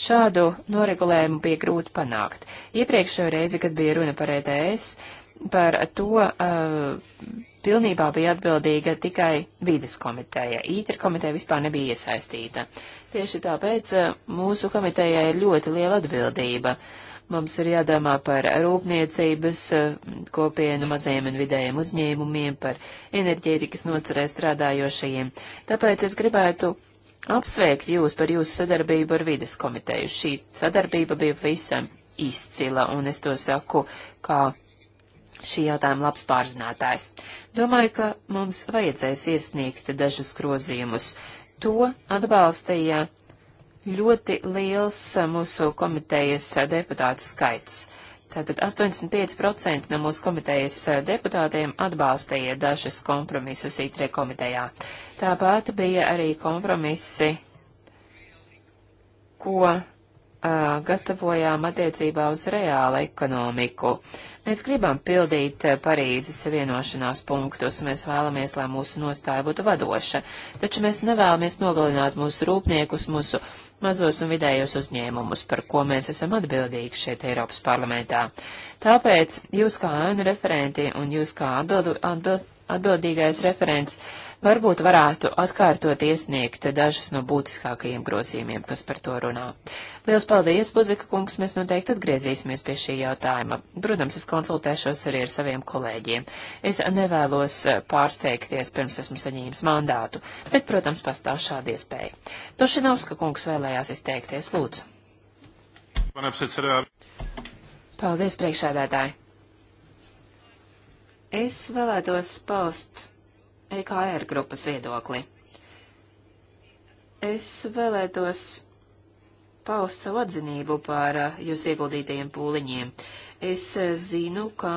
Šādu noregulējumu bija grūti panākt. Iepriekšējo reizi, kad bija runa par ETS, par to uh, pilnībā bija atbildīga tikai vides komiteja. Ītra komiteja vispār nebija iesaistīta. Tieši tāpēc uh, mūsu komitejai ir ļoti liela atbildība. Uh, Mums ir jādomā par rūpniecības eh, kopienu mazajiem un vidējiem uzņēmumiem, par enerģētikas nocerē strādājošajiem. Tāpēc es gribētu apsveikt jūs par jūsu sadarbību ar vides komiteju. Šī sadarbība bija visam izcila, un es to saku kā šī jautājuma labs pārzinātājs. Domāju, ka mums vajadzēs iesniegt dažus grozījumus. To atbalstīja ļoti liels eh, mūsu komitejas eh, deputātu skaits. Tātad 85% no mūsu komitejas eh, deputātiem atbalstīja dažas kompromisus ITRE komitejā. Tāpat bija arī kompromisi, ko uh, gatavojām attiecībā uz reālu ekonomiku. Mēs gribam pildīt Parīzes vienošanās punktus, mēs vēlamies, lai mūsu nostāja būtu vadoša, taču mēs nevēlamies nogalināt mūsu rūpniekus, mūsu mazos un vidējos uzņēmumus, par ko mēs esam atbildīgi šeit Eiropas parlamentā. Tāpēc jūs kā ēnu referenti un jūs kā atbild, atbild, atbildīgais referents varbūt varētu atkārtot iesniegt dažus no būtiskākajiem grozījumiem, kas par to runā. Liels paldies, Buzika kungs, mēs noteikti atgriezīsimies pie šī jautājuma. Protams, es konsultēšos arī ar saviem kolēģiem. Es nevēlos eh, pārsteigties, pirms esmu saņēmis mandātu, bet, protams, pastāv šāda iespēja. Tošinovska kungs vēlējās izteikties, lūdzu. Pane předsedo. Paldies, priekšādātāji. Es vēlētos paust EKR grupas viedokli. Es vēlētos paust savu atzinību par eh, jūsu ieguldītajiem pūliņiem. Es eh, zinu, ka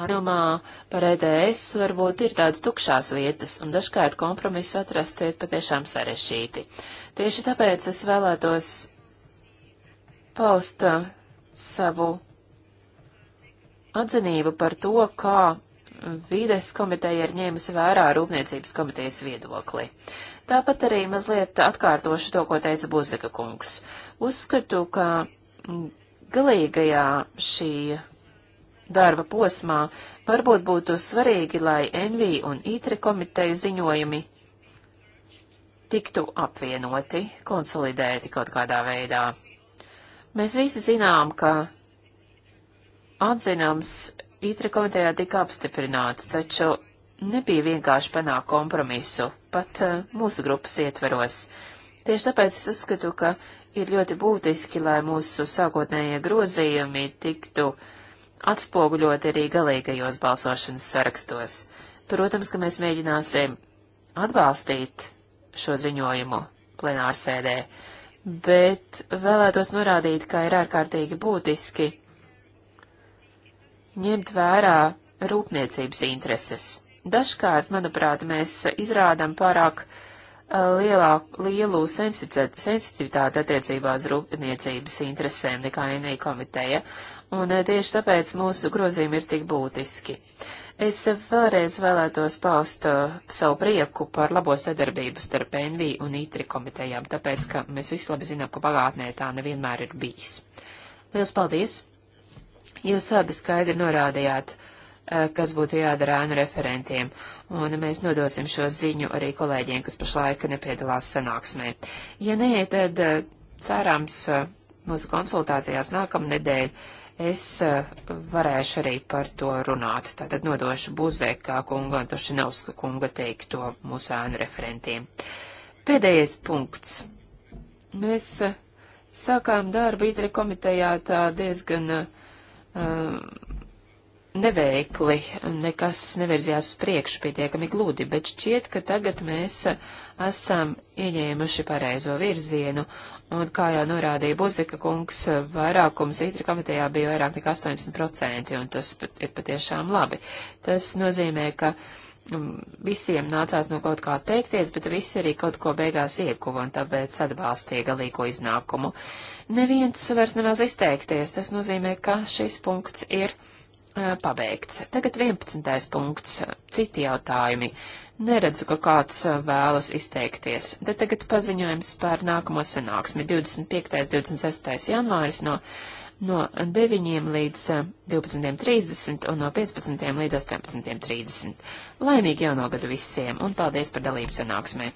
Anumā par EDS varbūt ir tādas tukšās vietas, un dažkārt kompromisu atrast ir patiešām sarešķīti. Tieši tāpēc es vēlētos paust eh, savu atzinību par to, kā vīdes komiteja ir ņēmusi vērā Rūpniecības komitejas viedokli. Tāpat arī mazliet atkārtošu to, ko teica Buzeka kungs. Uzskatu, ka galīgajā šī darba posmā varbūt būtu svarīgi, lai NV un ITRE komiteju ziņojumi tiktu apvienoti, konsolidēti kaut kādā veidā. Mēs visi zinām, ka atzināms ITRE komitejā tika apstiprināts, taču nebija vienkārši panākt kompromisu, pat uh, mūsu grupas ietveros. Tieši tāpēc es uzskatu, ka ir ļoti būtiski, lai mūsu sākotnējie grozījumi tiktu atspoguļoti arī galīgajos balsošanas sarakstos. Protams, ka mēs mēģināsim atbalstīt šo ziņojumu plenārsēdē, bet vēlētos norādīt, ka ir ārkārtīgi būtiski ņemt vērā rūpniecības intereses. Dažkārt, manuprāt, mēs izrādām pārāk uh, lielā, lielu sensitivitāti attiecībā uz rūpniecības interesēm nekā NI komiteja, un uh, tieši tāpēc mūsu grozījumi ir tik būtiski. Es vēlreiz vēlētos paust uh, savu prieku par labo sadarbību starp NV un ITRI komitejām, tāpēc, ka mēs visi labi zinām, ka pagātnē tā nevienmēr ir bijis. Liels paldies! Jūs abi skaidri norādījāt, eh, kas būtu jādara ēnu referentiem, un mēs nodosim šo ziņu arī kolēģiem, kas pašlaika nepiedalās sanāksmē. Ja nē, tad eh, cerams, eh, mūsu konsultācijās nākamnedēļ es varēšu arī par to runāt. Tātad nodošu Buzekā kunga un Tošinovska kunga teikto mūsu ēnu referentiem. Pēdējais punkts. Mēs sākām darbu ITRE komitejā tā diezgan uh, neveikli, nekas nevirzījās uz priekšu pietiekami gludi, bet šķiet, ka tagad mēs esam ieņēmuši pareizo virzienu, un kā jau norādīja Buzika kungs, vairākums ītri komitejā bija vairāk nekā 80%, un tas pat, ir patiešām labi. Tas nozīmē, ka mm, visiem nācās no kaut kā teikties, bet visi arī kaut ko beigās iekuva, un tāpēc atbalstīja galīgo iznākumu. Uh, Neviens vairs nemaz izteikties. Tas nozīmē, ka šis punkts ir uh, pabeigts. Tagad 11. punkts. Citi jautājumi. Neredzu, ka kāds vēlas izteikties. Te tagad paziņojums par nākamo sanāksmi 25. 26. janvāris no no 9 līdz 12.30 un no 15 līdz 18.30. Laimīgi jauno gadu visiem un paldies par dalību sanāksmē!